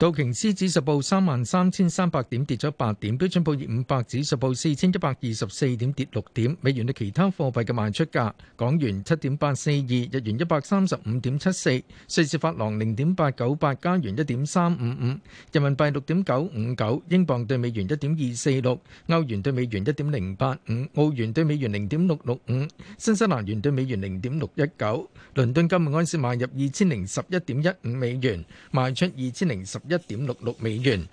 道瓊斯指數報三萬三千三百點，跌咗八點；標準普爾五百指數報四千一百二十四點，跌六點。美元對其他貨幣嘅賣出價：港元七點八四二，日元一百三十五點七四，瑞士法郎零點八九八，加元一點三五五，人民幣六點九五九，英鎊對美元一點二四六，歐元對美元一點零八五，澳元對美元零點六六五，新西蘭元對美元零點六一九。倫敦金每安士賣入二千零十一點一五美元，賣出二千零十一點六六美元。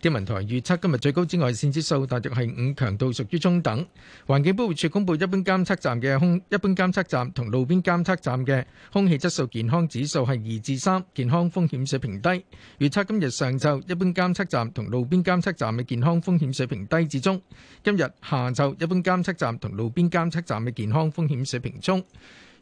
天文台預測今日最高紫外線指數大約係五，強度屬於中等。環境保護署公布一監測站，一般監測站嘅空一般監測站同路邊監測站嘅空氣質素健康指數係二至三，健康風險水平低。預測今日上晝一般監測站同路邊監測站嘅健康風險水平低至中。今日下晝一般監測站同路邊監測站嘅健康風險水平中。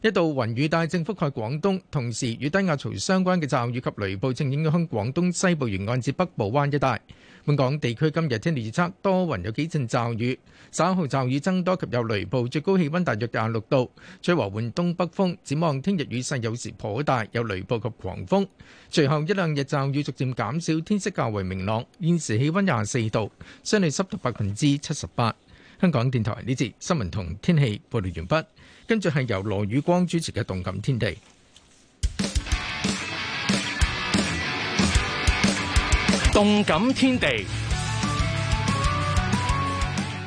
一道雲雨帶正覆蓋廣東，同時與低壓槽相關嘅驟雨及雷暴正影響廣東西部沿岸至北部灣一帶。本港地區今日天氣預測多雲，有幾陣驟雨，稍後驟雨增多及有雷暴，最高氣温大約廿六度，吹和緩東北風。展望聽日雨勢有時頗大，有雷暴及狂風。隨後一兩日驟雨逐漸減少，天色較為明朗。現時氣温廿四度，相對濕度百分之七十八。香港電台呢節新聞同天氣報道完畢。跟住係由羅宇光主持嘅《動感天地》，《動感天地》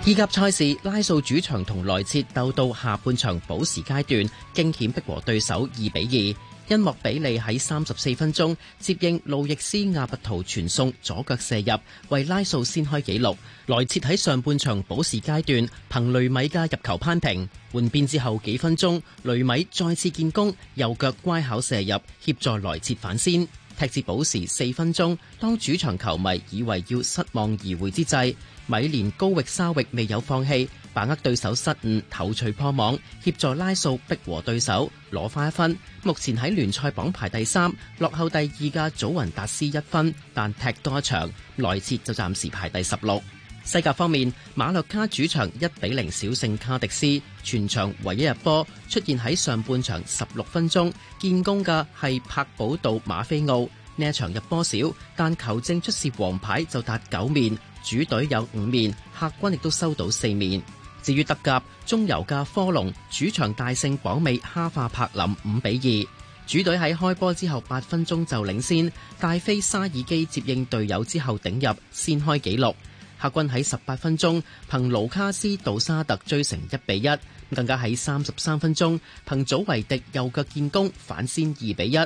意甲賽事拉素主場同萊切鬥到下半場補時階段，驚險逼和對手二比二。因莫比利喺三十四分鐘接應路易斯亞伯圖傳送左腳射入，為拉素先開紀錄。萊切喺上半場補時階段憑雷米嘅入球攀平。換邊之後幾分鐘，雷米再次建功，右腳乖巧射入協助萊切反先。踢至補時四分鐘，當主場球迷以為要失望而回之際，米連高域沙域未有放棄。把握對手失誤，頭槌破網，協助拉素逼和對手攞翻一分。目前喺聯賽榜排第三，落後第二嘅祖雲達斯一分，但踢多一場，內切就暫時排第十六。西甲方面，馬略卡主場一比零小勝卡迪斯，全場唯一入波出現喺上半場十六分鐘，建功嘅係柏保道馬菲奧。呢一場入波少，但球證出示黃牌就達九面，主隊有五面，客軍亦都收到四面。至於德甲，中游嘅科隆主場大勝廣美哈化柏林五比二，主隊喺開波之後八分鐘就領先，大飛沙爾基接應隊友之後頂入，先開紀錄。客軍喺十八分鐘憑盧卡斯杜沙特追成一比一，更加喺三十三分鐘憑祖維迪右腳建功反先二比一。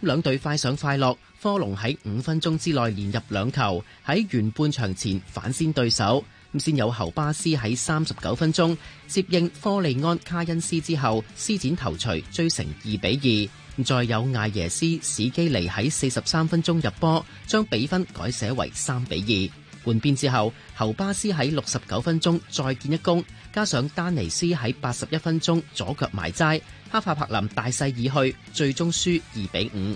兩隊快上快落，科隆喺五分鐘之內連入兩球，喺完半場前反先對手。先有侯巴斯喺三十九分鐘接應科利安卡恩斯之後施展頭錘追成二比二，再有艾耶斯史基尼喺四十三分鐘入波，將比分改寫為三比二。換邊之後，侯巴斯喺六十九分鐘再建一功，加上丹尼斯喺八十一分鐘左腳埋齋，哈法柏林大勢已去，最終輸二比五。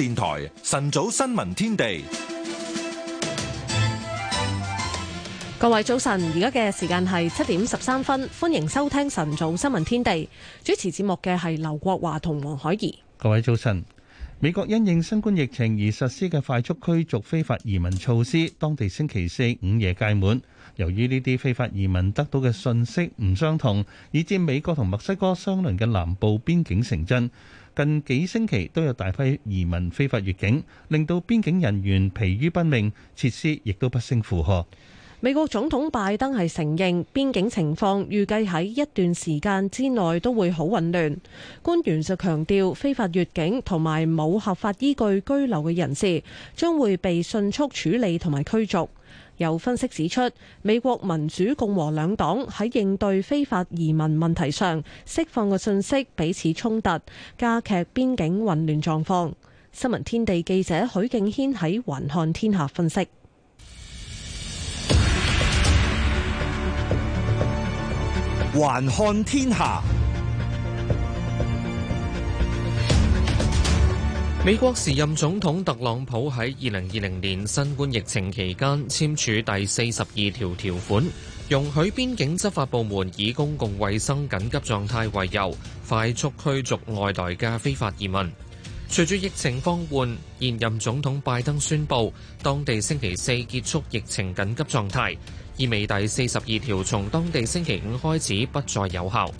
電台晨早新聞天地，各位早晨，而家嘅時間係七點十三分，歡迎收聽晨早新聞天地。主持節目嘅係劉國華同黃海怡。各位早晨，美國因應新冠疫情而實施嘅快速驅逐非法移民措施，當地星期四午夜屆滿。由於呢啲非法移民得到嘅信息唔相同，以致美國同墨西哥相鄰嘅南部邊境城鎮，近幾星期都有大批移民非法越境，令到邊境人員疲於奔命，設施亦都不勝負荷。美國總統拜登係承認，邊境情況預計喺一段時間之內都會好混亂。官員就強調，非法越境同埋冇合法依據居留嘅人士將會被迅速處理同埋驅逐。有分析指出，美國民主共和兩黨喺應對非法移民問題上釋放嘅信息彼此衝突，加劇邊境混亂狀況。新聞天地記者許敬軒喺《環看天下》分析。《環看天下》。美國時任總統特朗普喺二零二零年新冠疫情期間簽署第四十二條條款，容許邊境執法部門以公共衛生緊急狀態為由，快速驅逐外來嘅非法移民。隨住疫情放緩，現任總統拜登宣布，當地星期四結束疫情緊急狀態，意味第四十二條從當地星期五開始不再有效。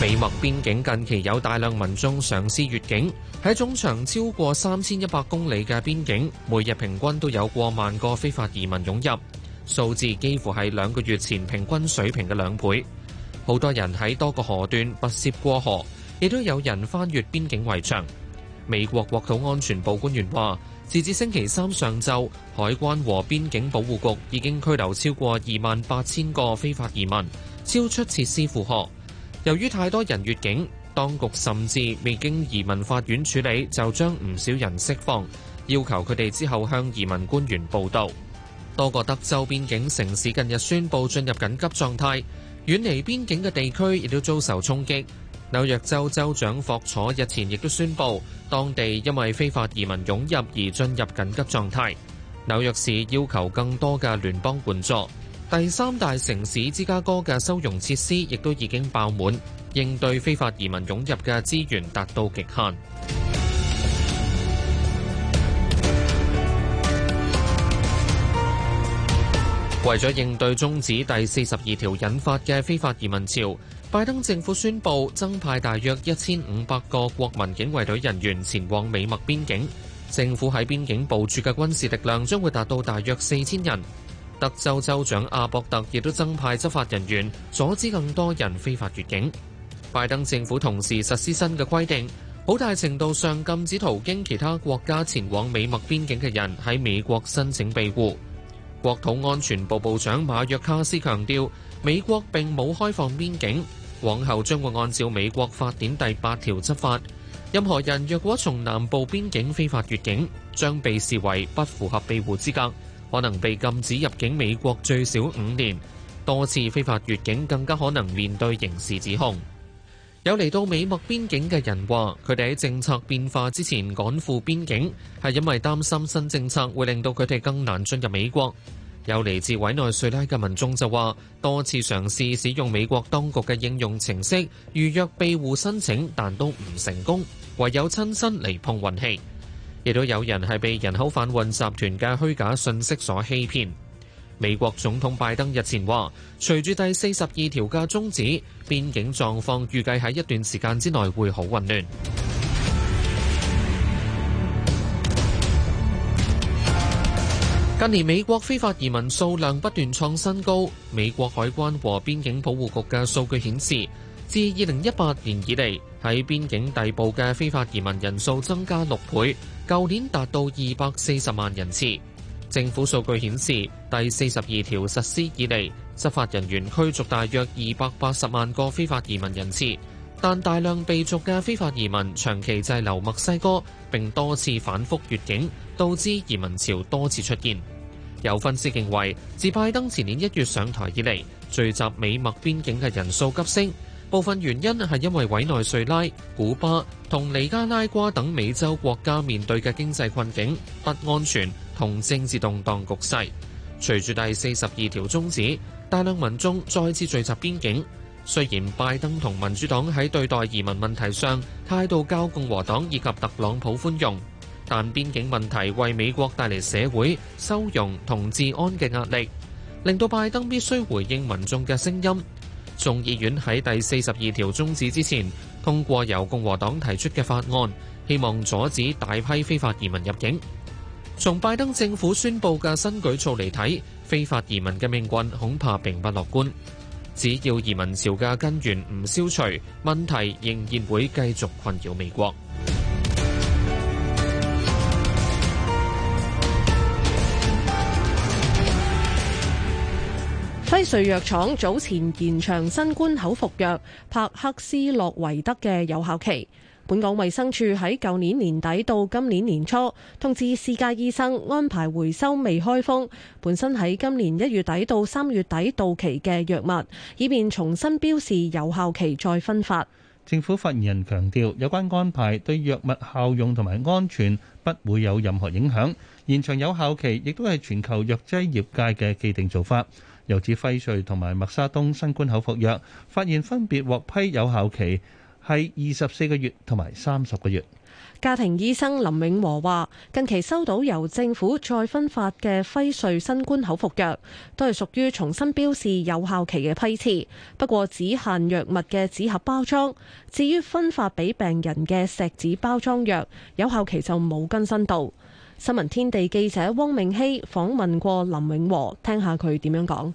美墨邊境近期有大量民眾嘗試越境，喺總長超過三千一百公里嘅邊境，每日平均都有過萬個非法移民湧入，數字幾乎係兩個月前平均水平嘅兩倍。好多人喺多個河段跋涉過河，亦都有人翻越邊境圍牆。美國國土安全部官員話，截至星期三上晝，海關和邊境保護局已經拘留超過二萬八千個非法移民，超出設施負荷。由於太多人越境，當局甚至未經移民法院處理就將唔少人釋放，要求佢哋之後向移民官員報到。多個德州邊境城市近日宣布進入緊急狀態，遠離邊境嘅地區亦都遭受衝擊。紐約州州長霍楚日前亦都宣布，當地因為非法移民湧入而進入緊急狀態。紐約市要求更多嘅聯邦援助。第三大城市芝加哥嘅收容設施亦都已經爆滿，應對非法移民湧入嘅資源達到極限。為咗應對終止第四十二條引發嘅非法移民潮，拜登政府宣布增派大約一千五百個國民警衛隊人員前往美墨邊境。政府喺邊境部署嘅軍事力量將會達到大約四千人。德州州長阿博特亦都增派執法人員，阻止更多人非法越境。拜登政府同時實施新嘅規定，好大程度上禁止途經其他國家前往美墨邊境嘅人喺美國申請庇護。國土安全部部長馬約卡斯強調，美國並冇開放邊境，往後將會按照美國法典第八條執法。任何人若果從南部邊境非法越境，將被視為不符合庇護資格。可能被禁止入境美國最少五年，多次非法越境更加可能面對刑事指控。有嚟到美墨邊境嘅人話，佢哋喺政策變化之前趕赴邊境，係因為擔心新政策會令到佢哋更難進入美國。有嚟自委內瑞拉嘅民眾就話，多次嘗試使用美國當局嘅應用程式預約庇護申請，但都唔成功，唯有親身嚟碰運氣。亦都有人係被人口販運集團嘅虛假信息所欺騙。美國總統拜登日前話：隨住第四十二條嘅終止，邊境狀況預計喺一段時間之內會好混亂。近年美國非法移民數量不斷創新高。美國海關和邊境保護局嘅數據顯示，自二零一八年以嚟，喺邊境逮捕嘅非法移民人數增加六倍。舊年達到二百四十萬人次。政府數據顯示，第四十二條實施以嚟，執法人員驅逐大約二百八十萬個非法移民人次，但大量被逐嘅非法移民長期滯留墨西哥，並多次反覆越境，導致移民潮多次出現。有分析認為，自拜登前年一月上台以嚟，聚集美墨邊境嘅人數急升。部分原因係因為委內瑞拉、古巴同尼加拉瓜等美洲國家面對嘅經濟困境，不安全同政治動盪局勢。隨住第四十二條終止，大量民眾再次聚集邊境。雖然拜登同民主黨喺對待移民問題上態度較共和黨以及特朗普寬容，但邊境問題為美國帶嚟社會收容同治安嘅壓力，令到拜登必須回應民眾嘅聲音。眾議院喺第四十二條終止之前，通過由共和黨提出嘅法案，希望阻止大批非法移民入境。從拜登政府宣佈嘅新舉措嚟睇，非法移民嘅命運恐怕並不樂觀。只要移民潮嘅根源唔消除，問題仍然會繼續困擾美國。輝瑞藥廠早前延長新冠口服藥帕克斯洛維德嘅有效期。本港衛生署喺舊年年底到今年年初通知私家醫生安排回收未開封、本身喺今年一月底到三月底到期嘅藥物，以便重新標示有效期再分發。政府發言人強調，有關安排對藥物效用同埋安全不會有任何影響。延長有效期亦都係全球藥劑業界嘅既定做法。又指輝瑞同埋默沙東新冠口服藥發現分別獲批有效期係二十四個月同埋三十個月。家庭醫生林永和話，近期收到由政府再分發嘅輝瑞新冠口服藥都係屬於重新標示有效期嘅批次，不過只限藥物嘅紙盒包裝。至於分發俾病人嘅錫紙包裝藥，有效期就冇更新到。新聞天地記者汪明希訪問過林永和，聽下佢點樣講。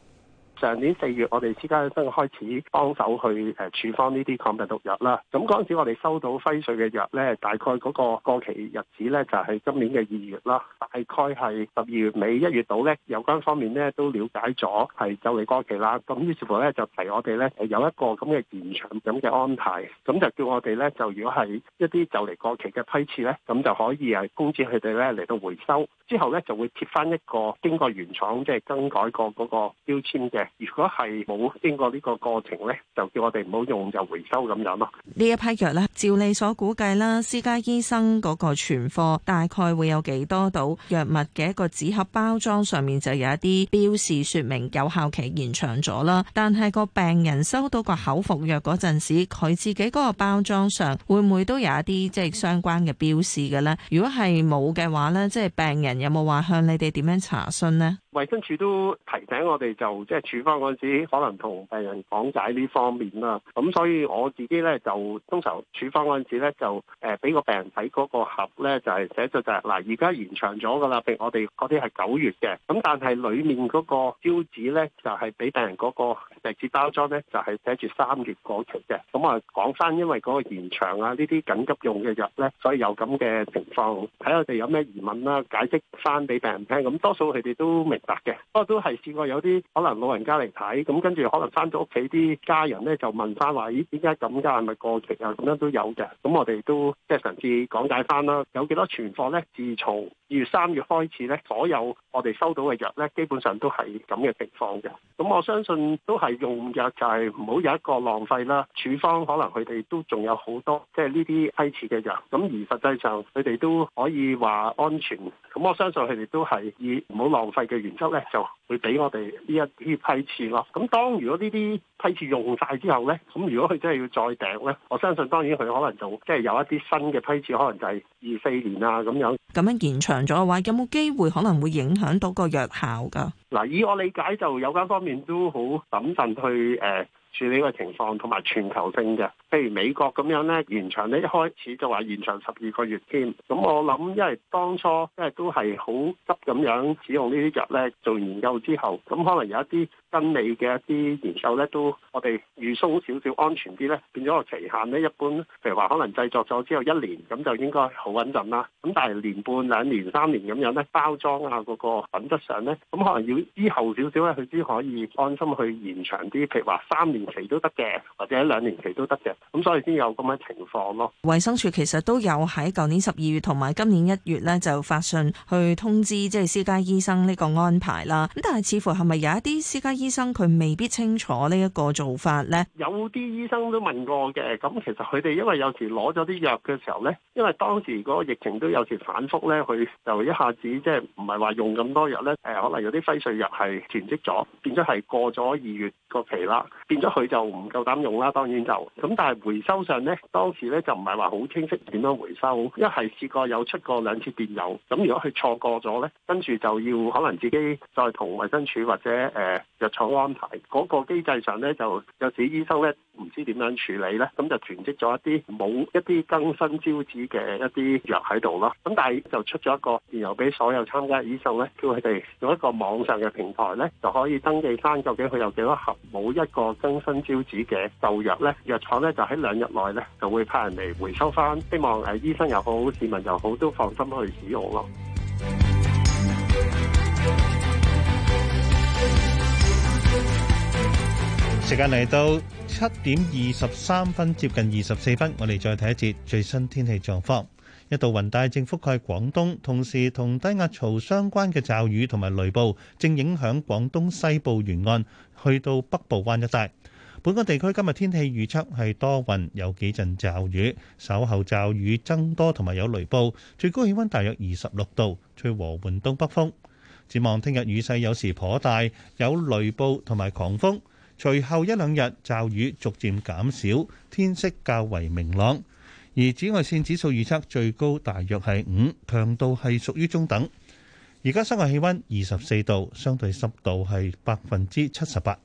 上年四月，我哋之間真係開始幫手去誒處方呢啲抗病毒藥啦。咁嗰陣時，我哋收到輝瑞嘅藥咧，大概嗰個過期日子咧就係今年嘅二月啦。大概係十二月尾、一月到咧，有關方面咧都了解咗係就嚟過期啦。咁於是乎咧就提我哋咧有一個咁嘅延長咁嘅安排，咁就叫我哋咧就如果係一啲就嚟過期嘅批次咧，咁就可以係通知佢哋咧嚟到回收，之後咧就會貼翻一個經過原廠即係更改過嗰個標籤嘅。如果係冇經過呢個過程咧，就叫我哋唔好用就回收咁樣咯。呢一批藥咧，照你所估計啦，私家醫生嗰個存貨大概會有幾多到？藥物嘅一個紙盒包裝上面就有一啲標示說明有效期延長咗啦。但係個病人收到個口服藥嗰陣時，佢自己嗰個包裝上會唔會都有一啲即係相關嘅標示嘅咧？如果係冇嘅話咧，即係病人有冇話向你哋點樣查詢呢？衞生署都提醒我哋就即係處方嗰陣時，可能同病人講解呢方面啦。咁所以我自己咧就通常處方嗰陣時咧就誒俾個病人睇嗰個盒咧就係寫咗，就係嗱而家延長咗㗎啦。譬如我哋嗰啲係九月嘅，咁但係裡面嗰個招紙咧就係俾病人嗰個直接包裝咧就係寫住三月過期嘅。咁啊講翻，因為嗰個延長啊呢啲緊急用嘅藥咧，所以有咁嘅情況，睇我哋有咩疑問啦，解釋翻俾病人聽。咁多數佢哋都明。嘅，不過都係試過有啲可能老人家嚟睇，咁跟住可能翻咗屋企啲家人咧就問翻話：咦，點解咁㗎？係咪過期啊？咁樣都有嘅。咁我哋都即係嘗試講解翻啦。有幾多存貨咧？自從二月三月開始咧，所有我哋收到嘅藥咧，基本上都係咁嘅情況嘅。咁我相信都係用藥就係唔好有一個浪費啦。處方可能佢哋都仲有好多即係呢啲批次嘅藥咁，而實際上佢哋都可以話安全。咁我相信佢哋都係以唔好浪費嘅。然之咧就會俾我哋呢一啲批次咯。咁當如果呢啲批次用晒之後咧，咁如果佢真係要再訂咧，我相信當然佢可能就即係有一啲新嘅批次，可能就係二四年啊咁樣。咁樣延長咗嘅話，有冇機會可能會影響到個藥效㗎？嗱，依我理解就有間方面都好謹慎去誒，住呢個情況同埋全球性嘅，譬如美國咁樣呢，延長呢，一開始就話延長十二個月添。咁我諗，因為當初因為都係好急咁樣使用呢啲藥呢，做研究之後，咁可能有一啲。跟你嘅一啲研究咧，都我哋預鬆少少，安全啲咧，變咗個期限咧。一般譬如話，可能製作咗之後一年，咁就應該好穩陣啦。咁但係年半、兩年、三年咁樣咧，包裝下嗰個品質上咧，咁可能要依後少少咧，佢先可以安心去延長啲。譬如話三年期都得嘅，或者兩年期都得嘅。咁所以先有咁樣情況咯。衞生署其實都有喺舊年十二月同埋今年一月咧，就發信去通知即係、就是、私家醫生呢個安排啦。咁但係似乎係咪有一啲私家醫生佢未必清楚呢一個做法呢，有啲醫生都問過嘅。咁其實佢哋因為有時攞咗啲藥嘅時候呢，因為當時嗰個疫情都有時反覆呢，佢就一下子即係唔係話用咁多藥呢？誒，可能有啲輝瑞藥係囤積咗，變咗係過咗二月個期啦，變咗佢就唔夠膽用啦。當然就咁，但係回收上呢，當時呢就唔係話好清晰點樣回收。一係試過有出過兩次電郵，咁如果佢錯過咗呢，跟住就要可能自己再同衞生署或者誒。呃廠安排嗰個機制上咧，就有時醫生咧唔知點樣處理咧，咁就囤積咗一啲冇一啲更新招紙嘅一啲藥喺度咯。咁但係就出咗一個，然後俾所有參加醫生咧，叫佢哋用一個網上嘅平台咧，就可以登記翻究竟佢有幾多盒冇一個更新招紙嘅舊藥咧，藥廠咧就喺兩日內咧就會派人嚟回收翻，希望誒醫生又好，市民又好都放心去使用咯。時間嚟到七點二十三分，接近二十四分，我哋再睇一節最新天氣狀況。一道雲帶正覆蓋廣東，同時同低壓槽相關嘅驟雨同埋雷暴正影響廣東西部沿岸，去到北部灣一帶。本港地區今日天氣預測係多雲，有幾陣驟雨，稍後驟雨增多同埋有雷暴，最高氣溫大約二十六度，吹和緩東北風。展望聽日雨勢有時頗大，有雷暴同埋狂風。隨後一兩日驟雨逐漸減少，天色較為明朗，而紫外線指數預測最高大約係五，強度係屬於中等。而家室外氣溫二十四度，相對濕度係百分之七十八。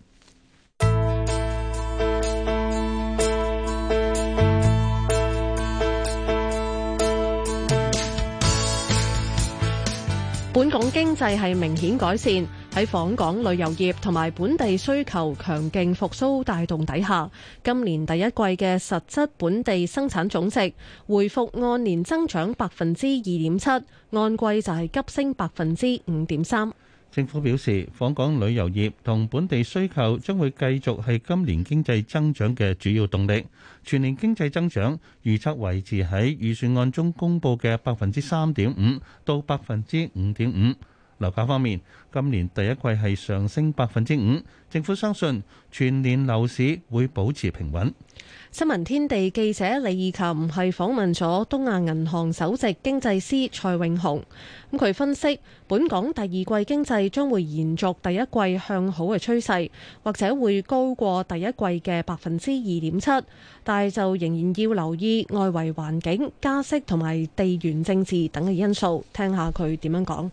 本港經濟係明顯改善。喺訪港旅遊業同埋本地需求強勁復甦帶動底下，今年第一季嘅實質本地生產總值回復按年增長百分之二點七，按季就係急升百分之五點三。政府表示，訪港旅遊業同本地需求將會繼續係今年經濟增長嘅主要動力。全年經濟增長預測維持喺預算案中公布嘅百分之三點五到百分之五點五。樓價方面，今年第一季係上升百分之五，政府相信全年樓市會保持平穩。新聞天地記者李義琴係訪問咗東亞銀行首席經濟師蔡永雄，咁佢分析，本港第二季經濟將會延續第一季向好嘅趨勢，或者會高過第一季嘅百分之二點七，但係就仍然要留意外圍環境、加息同埋地緣政治等嘅因素。聽下佢點樣講。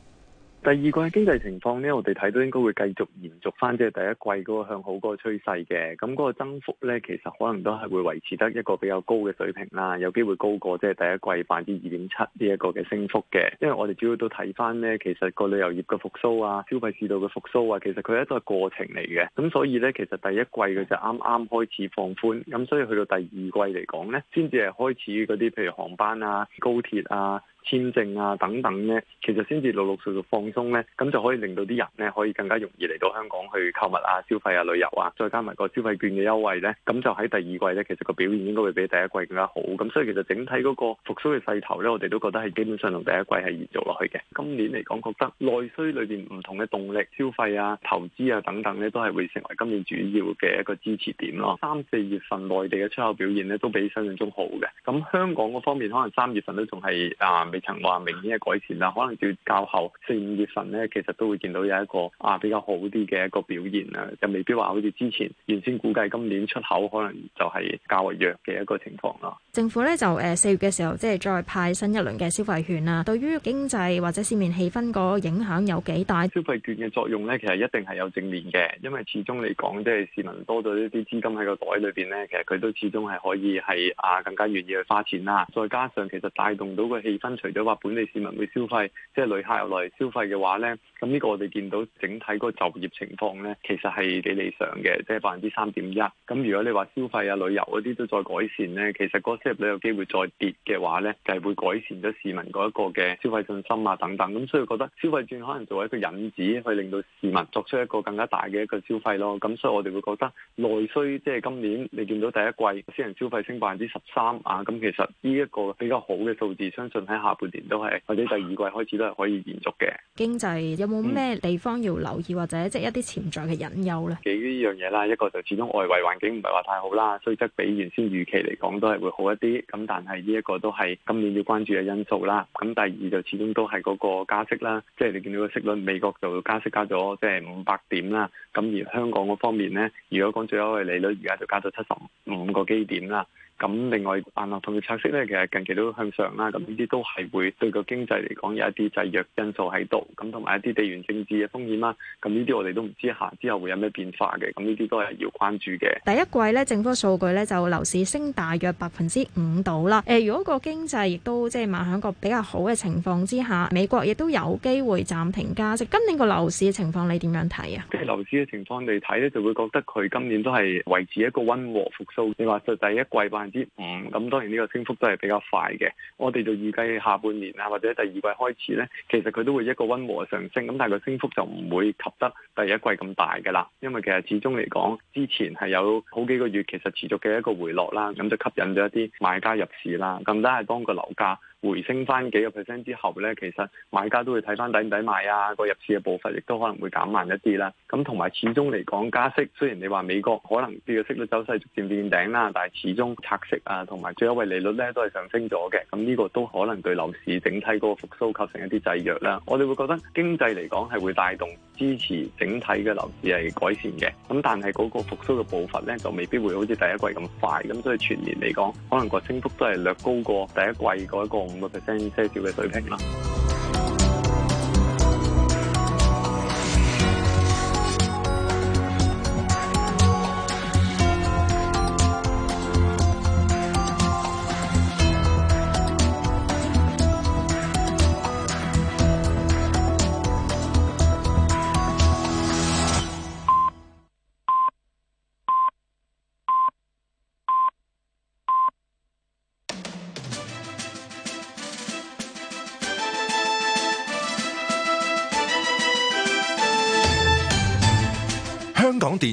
第二季嘅經濟情況咧，我哋睇到應該會繼續延續翻即係第一季嗰個向好嗰個趨勢嘅，咁嗰個增幅咧，其實可能都係會維持得一個比較高嘅水平啦，有機會高過即係第一季百分之二點七呢一個嘅升幅嘅。因為我哋主要都睇翻咧，其實個旅遊業嘅復甦啊，消費市道嘅復甦啊，其實佢係一個過程嚟嘅，咁所以咧，其實第一季嘅就啱啱開始放寬，咁所以去到第二季嚟講咧，先至係開始嗰啲譬如航班啊、高鐵啊。簽證啊等等咧，其實先至陸陸續續放鬆咧，咁就可以令到啲人咧可以更加容易嚟到香港去購物啊、消費啊、旅遊啊，再加埋個消費券嘅優惠咧，咁就喺第二季咧，其實個表現應該會比第一季更加好。咁所以其實整體嗰個復甦嘅勢頭咧，我哋都覺得係基本上同第一季係延續落去嘅。今年嚟講，覺得內需裏邊唔同嘅動力、消費啊、投資啊等等咧，都係會成為今年主要嘅一個支持點咯。三四月份內地嘅出口表現咧，都比想像中好嘅。咁香港嗰方面，可能三月份都仲係啊。未曾話明年嘅改善啦，可能要較後四五月份呢，其實都會見到有一個啊比較好啲嘅一個表現啦，就未必話好似之前原先估計今年出口可能就係較弱嘅一個情況啦。政府咧就誒呃、四月嘅時候即係再派新一輪嘅消費券啊，對於經濟或者市面氣氛個影響有幾大？消費券嘅作用咧，其實一定係有正面嘅，因為始終嚟講即係市民多咗一啲資金喺個袋裏邊咧，其實佢都始終係可以係啊更加願意去花錢啦。再加上其實帶動到個氣氛。除咗話本地市民會消費，即係旅客入來消費嘅話呢，咁呢個我哋見到整體嗰個就業情況呢，其實係幾理想嘅，即係百分之三點一。咁如果你話消費啊、旅遊嗰啲都再改善呢，其實嗰些旅遊機會再跌嘅話呢，就係、是、會改善咗市民嗰一個嘅消費信心啊等等。咁所以覺得消費券可能作為一個引子，去令到市民作出一個更加大嘅一個消費咯。咁所以我哋會覺得內需即係、就是、今年你見到第一季私人消費升百分之十三啊，咁其實呢一個比較好嘅數字，相信喺下。下半年都係或者第二季開始都係可以延續嘅經濟，有冇咩地方要留意、嗯、或者即係一啲潛在嘅隱憂咧？基於呢樣嘢啦，一個就始終外圍環境唔係話太好啦，雖則比原先預期嚟講都係會好一啲。咁但係呢一個都係今年要關注嘅因素啦。咁第二就始終都係嗰個加息啦，即係你見到個息率，美國就加息加咗即係五百點啦。咁而香港嗰方面呢，如果講最優惠利率，而家就加咗七十五個基點啦。咁另外，按落同嘅拆息咧，其實近期都向上啦。咁呢啲都係會對個經濟嚟講有一啲制約因素喺度。咁同埋一啲地緣政治嘅風險啦。咁呢啲我哋都唔知下之後會有咩變化嘅。咁呢啲都係要關注嘅。第一季咧，政府數據咧就樓市升大約百分之五到啦。誒、呃，如果個經濟亦都即係慢響個比較好嘅情況之下，美國亦都有機會暫停加息。今年個樓市嘅情況你點樣睇啊？即係樓市嘅情況嚟睇咧，就會覺得佢今年都係維持一個溫和復甦。你話實第一季之五，咁、嗯、當然呢個升幅都係比較快嘅。我哋就預計下半年啦，或者第二季開始呢，其實佢都會一個溫和上升，咁但係佢升幅就唔會及得第一季咁大㗎啦。因為其實始終嚟講，之前係有好幾個月其實持續嘅一個回落啦，咁就吸引咗一啲買家入市啦，咁都係幫個樓價。回升翻幾個 percent 之後咧，其實買家都會睇翻抵唔抵買啊，個入市嘅步伐亦都可能會減慢一啲啦。咁同埋始終嚟講，加息雖然你話美國可能呢個息率走勢逐漸變頂啦，但係始終拆息啊，同埋最優惠利率咧都係上升咗嘅。咁呢個都可能對樓市整體個復甦構成一啲制約啦。我哋會覺得經濟嚟講係會帶動支持整體嘅樓市係改善嘅。咁但係嗰個復甦嘅步伐咧就未必會好似第一季咁快。咁所以全年嚟講，可能個升幅都係略高過第一季嗰一個。五個 percent 徵兆嘅水平啦。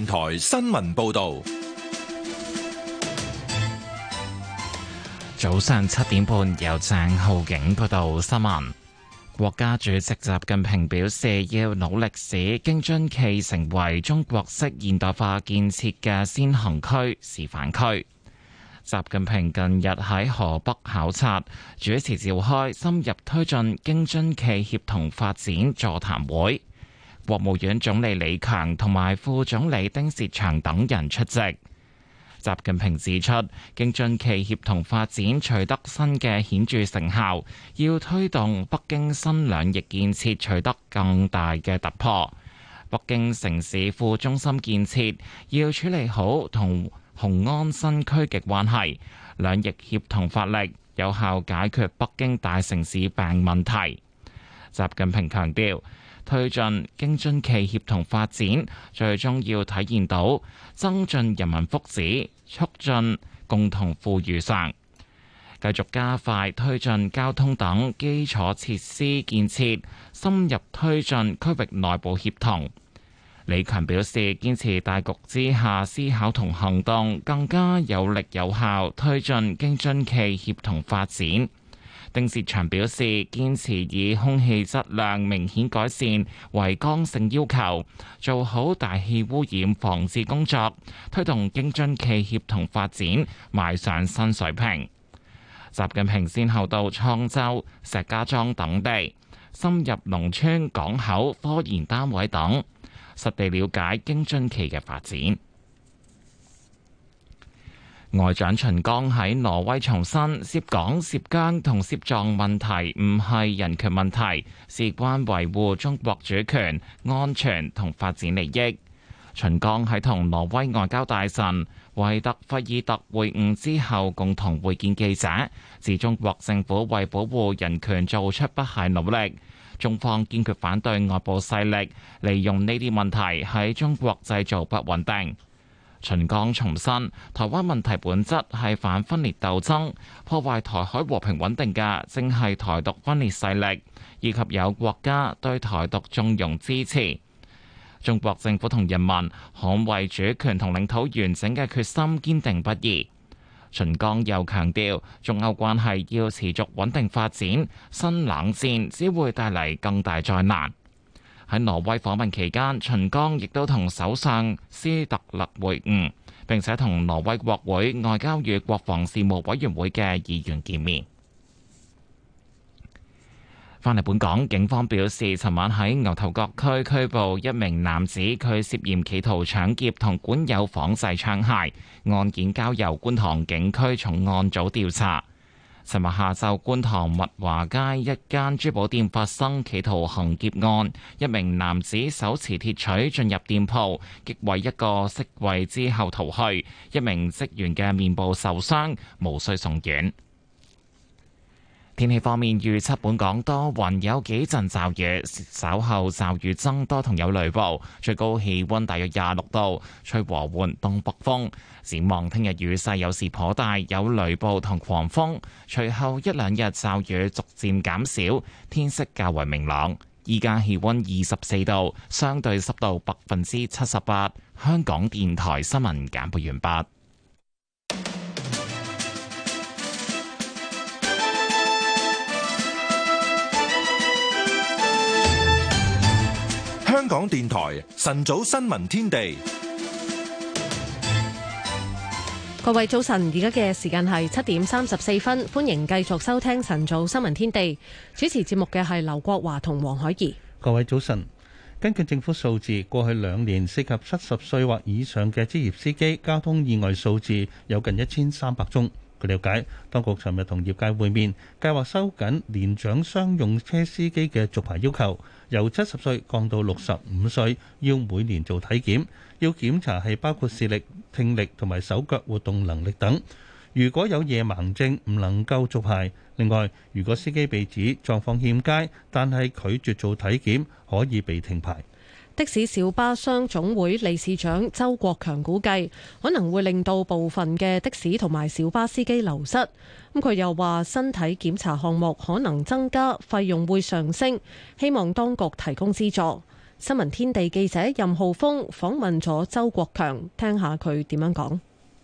台新聞報道，早上七點半由鄭浩景報道新聞。國家主席習近平表示，要努力使京津冀成為中國式現代化建設嘅先行區、示範區。習近平近日喺河北考察，主持召開深入推進京津冀協同發展座談會。國務院總理李強同埋副總理丁薛祥等人出席。習近平指出，京津冀協同發展取得新嘅顯著成效，要推動北京新兩翼建設取得更大嘅突破。北京城市副中心建設要處理好同雄安新區嘅關係，兩翼協同發力，有效解決北京大城市病問題。習近平強調。推進京津冀協同發展，最終要體現到增進人民福祉、促進共同富裕上。繼續加快推進交通等基礎設施建設，深入推進區域內部協同。李強表示，堅持大局之下思考同行動，更加有力有效推進京津冀協同發展。丁薛祥表示，堅持以空氣質量明顯改善為剛性要求，做好大氣污染防治工作，推動京津冀協同發展邁上新水平。習近平先後到滄州、石家莊等地，深入農村、港口、科研單位等，實地了解京津冀嘅發展。外長秦剛喺挪威重申，涉港、涉疆同涉藏問題唔係人權問題，事關維護中國主權、安全同發展利益。秦剛喺同挪威外交大臣惠特費爾特會晤之後，共同會見記者，指中國政府為保護人權做出不懈努力，中方堅決反對外部勢力利用呢啲問題喺中國製造不穩定。秦剛重申，台灣問題本質係反分裂鬥爭，破壞台海和平穩定嘅，正係台獨分裂勢力，以及有國家對台獨縱容支持。中國政府同人民捍衛主權同領土完整嘅決心堅定不移。秦剛又強調，中歐關係要持續穩定發展，新冷戰只會帶嚟更大災難。喺挪威訪問期間，秦剛亦都同首相斯特勒會晤，並且同挪威國會外交與國防事務委員會嘅議員見面。翻嚟本港，警方表示，尋晚喺牛頭角區拘捕一名男子，佢涉嫌企圖搶劫同管有仿製槍械，案件交由觀塘警區重案組調查。尋日下晝，觀塘物華街一間珠寶店發生企圖行劫案，一名男子手持鐵錘進入店鋪，擊毀一個飾位之後逃去，一名職員嘅面部受傷，無需送院。天氣方面，預測本港多雲，有幾陣驟雨，稍後驟雨增多同有雷暴，最高氣溫大約廿六度，吹和緩東北風。展望聽日雨勢有時頗大，有雷暴同狂風，隨後一兩日驟雨逐漸減少，天色較為明朗。依家氣溫二十四度，相對濕度百分之七十八。香港電台新聞簡報完畢。香港電台晨早新聞天地，各位早晨，而家嘅時間係七點三十四分，歡迎繼續收聽晨早新聞天地。主持節目嘅係劉國華同黃海怡。各位早晨，根據政府數字，過去兩年涉及七十歲或以上嘅職業司機交通意外數字有近一千三百宗。據了解，當局尋日同業界會面，計劃收緊年長商用車司機嘅續牌要求。由七十歲降到六十五歲，要每年做體檢，要檢查係包括視力、聽力同埋手腳活動能力等。如果有夜盲症，唔能夠續牌。另外，如果司機被指狀況欠佳，但係拒絕做體檢，可以被停牌。的士小巴商總會理事長周國強估計，可能會令到部分嘅的的士同埋小巴司機流失。咁佢又話，身體檢查項目可能增加，費用會上升，希望當局提供資助。新聞天地記者任浩峰訪問咗周國強，聽下佢點樣講。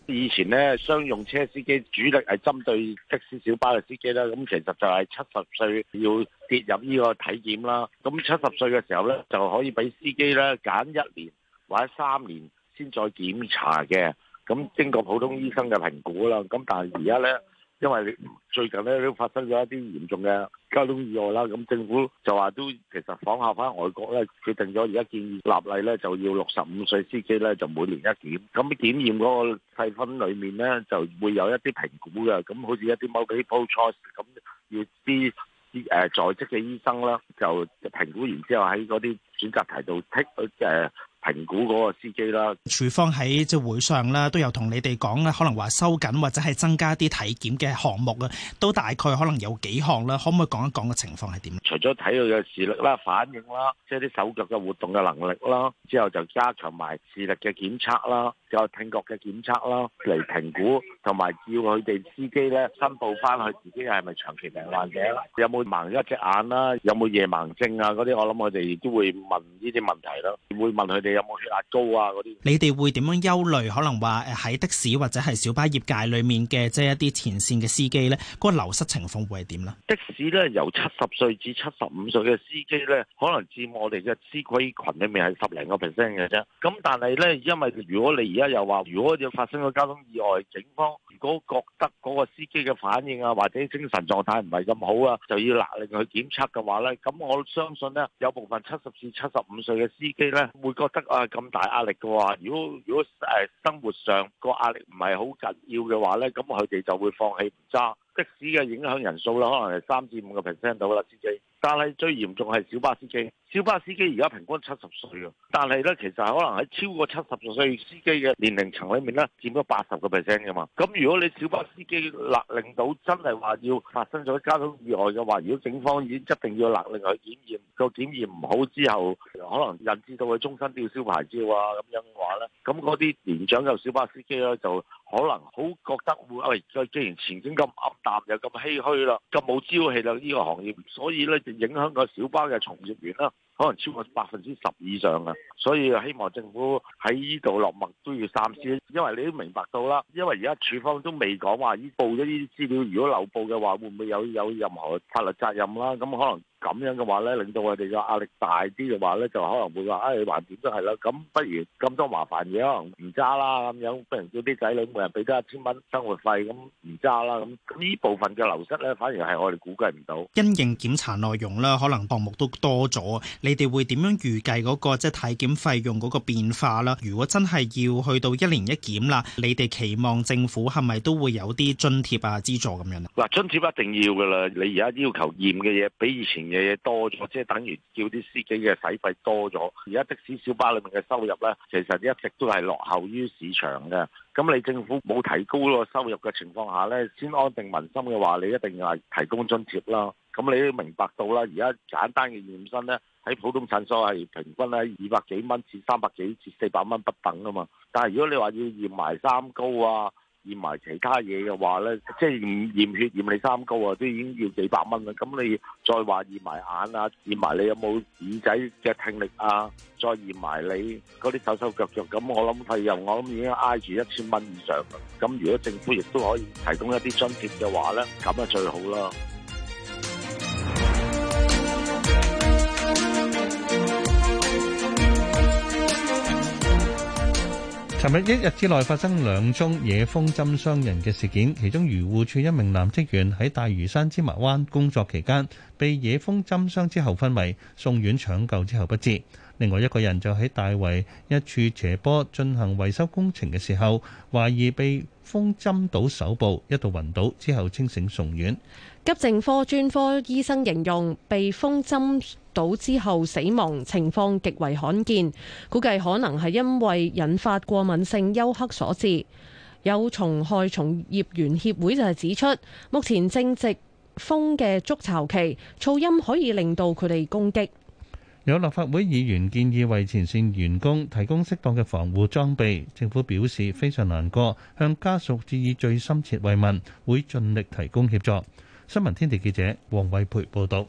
以前咧，商用車司機主力係針對的士、小巴嘅司機啦，咁其實就係七十歲要跌入呢個體檢啦。咁七十歲嘅時候咧，就可以俾司機咧揀一年或者三年先再檢查嘅。咁經過普通醫生嘅評估啦。咁但係而家咧。因為最近咧都發生咗一啲嚴重嘅交通意外啦，咁政府就話都其實仿效翻外國咧，決定咗而家建議立例咧就要六十五歲司機咧就每年一檢，咁檢驗嗰個細分裡面咧就會有一啲評估嘅，咁好似一啲 multiple choice，咁要啲啲誒在職嘅醫生啦就評估完之後喺嗰啲選擇題度剔誒。評估嗰個司機啦，處方喺即係會上啦，都有同你哋講啦，可能話收緊或者係增加啲體檢嘅項目啊，都大概可能有幾項啦，可唔可以講一講個情況係點？除咗睇佢嘅視力啦、反應啦，即係啲手腳嘅活動嘅能力啦，之後就加強埋視力嘅檢測啦，又聽覺嘅檢測啦，嚟評估，同埋叫佢哋司機咧申報翻佢自己係咪長期病患者，有冇盲咗一隻眼啦，有冇夜盲症啊嗰啲，我諗我哋都會問呢啲問題咯，會問佢哋。有冇血壓高啊？嗰啲你哋會點樣憂慮？可能話誒喺的士或者係小巴業界裏面嘅，即係一啲前線嘅司機呢。嗰個流失情況會係點呢？的士呢，由七十歲至七十五歲嘅司機呢，可能佔我哋嘅司機群裏面係十零個 percent 嘅啫。咁但係呢，因為如果你而家又話，如果要發生個交通意外，警方如果覺得嗰個司機嘅反應啊，或者精神狀態唔係咁好啊，就要勒令佢檢測嘅話呢。咁我相信呢，有部分七十至七十五歲嘅司機呢，會覺得。啊咁大壓力嘅話，如果如果誒、呃、生活上個壓力唔係好緊要嘅話咧，咁佢哋就會放棄唔揸，即使嘅影響人數啦，可能係三至五個 percent 到啦，司機。但係最嚴重係小巴司機，小巴司機而家平均七十歲啊！但係咧，其實可能喺超過七十歲司機嘅年齡層裏面咧，佔咗八十個 percent 㗎嘛。咁如果你小巴司機勒令到真係話要發生咗交通意外嘅話，如果警方已經一定要勒令佢檢驗，個檢驗唔好之後，可能引致到佢終身吊銷牌照啊，咁樣嘅話咧，咁嗰啲年長嘅小巴司機咧，就可能好覺得會喂、哎，既然前景咁暗淡又咁唏噓啦，咁冇朝氣啦呢個行業，所以咧影響個小巴嘅從業員啦，可能超過百分之十以上啊，所以希望政府喺呢度落墨都要三思，因為你都明白到啦，因為而家處方都未講話，依報咗呢啲資料，如果漏報嘅話，會唔會有有任何法律責任啦？咁可能。咁樣嘅話咧，令到我哋嘅壓力大啲嘅話咧，就可能會話，唉、哎，還掂都係啦。咁不如咁多麻煩嘢，可能唔揸啦咁樣。不如叫啲仔女每人俾多一千蚊生活費，咁唔揸啦咁。咁呢部分嘅流失咧，反而係我哋估計唔到。因應檢查內容啦，可能項目都多咗。你哋會點樣預計嗰個即係體檢費用嗰個變化啦？如果真係要去到一年一檢啦，你哋期望政府係咪都會有啲津貼啊、資助咁樣啊？嗱，津貼一定要噶啦。你而家要求驗嘅嘢比以前。嘢多咗，即係等於叫啲司機嘅使費多咗。而家的士小巴裏面嘅收入呢，其實一直都係落後於市場嘅。咁你政府冇提高個收入嘅情況下呢，先安定民心嘅話，你一定要係提供津貼啦。咁你都明白到啦，而家簡單嘅驗身呢，喺普通診所係平均喺二百幾蚊至三百幾至四百蚊不等㗎嘛。但係如果你話要驗埋三高啊。驗埋其他嘢嘅話咧，即係驗驗血、驗你三高啊，都已經要幾百蚊啦。咁你再話驗埋眼啊，驗埋你有冇耳仔嘅聽力啊，再驗埋你嗰啲手手腳腳，咁我諗係又我諗已經挨住一千蚊以上啦。咁如果政府亦都可以提供一啲津貼嘅話咧，咁啊最好啦。琴日一日之內發生兩宗野蜂針傷人嘅事件，其中漁護署一名男職員喺大嶼山芝麻灣工作期間被野蜂針傷之後昏迷，送院搶救之後不治；另外一個人就喺大圍一處斜坡進行維修工程嘅時候，懷疑被蜂針到手部，一度暈倒之後清醒送院。急症科專科醫生形容被蜂針到之後死亡情況極為罕見，估計可能係因為引發過敏性休克所致。有蟲害從業員協會就係指出，目前正值蜂嘅築巢期，噪音可以令到佢哋攻擊。有立法會議員建議為前線員工提供適當嘅防護裝備，政府表示非常難過，向家屬致以最深切慰問，會盡力提供協助。新聞天地記者黃偉培報道，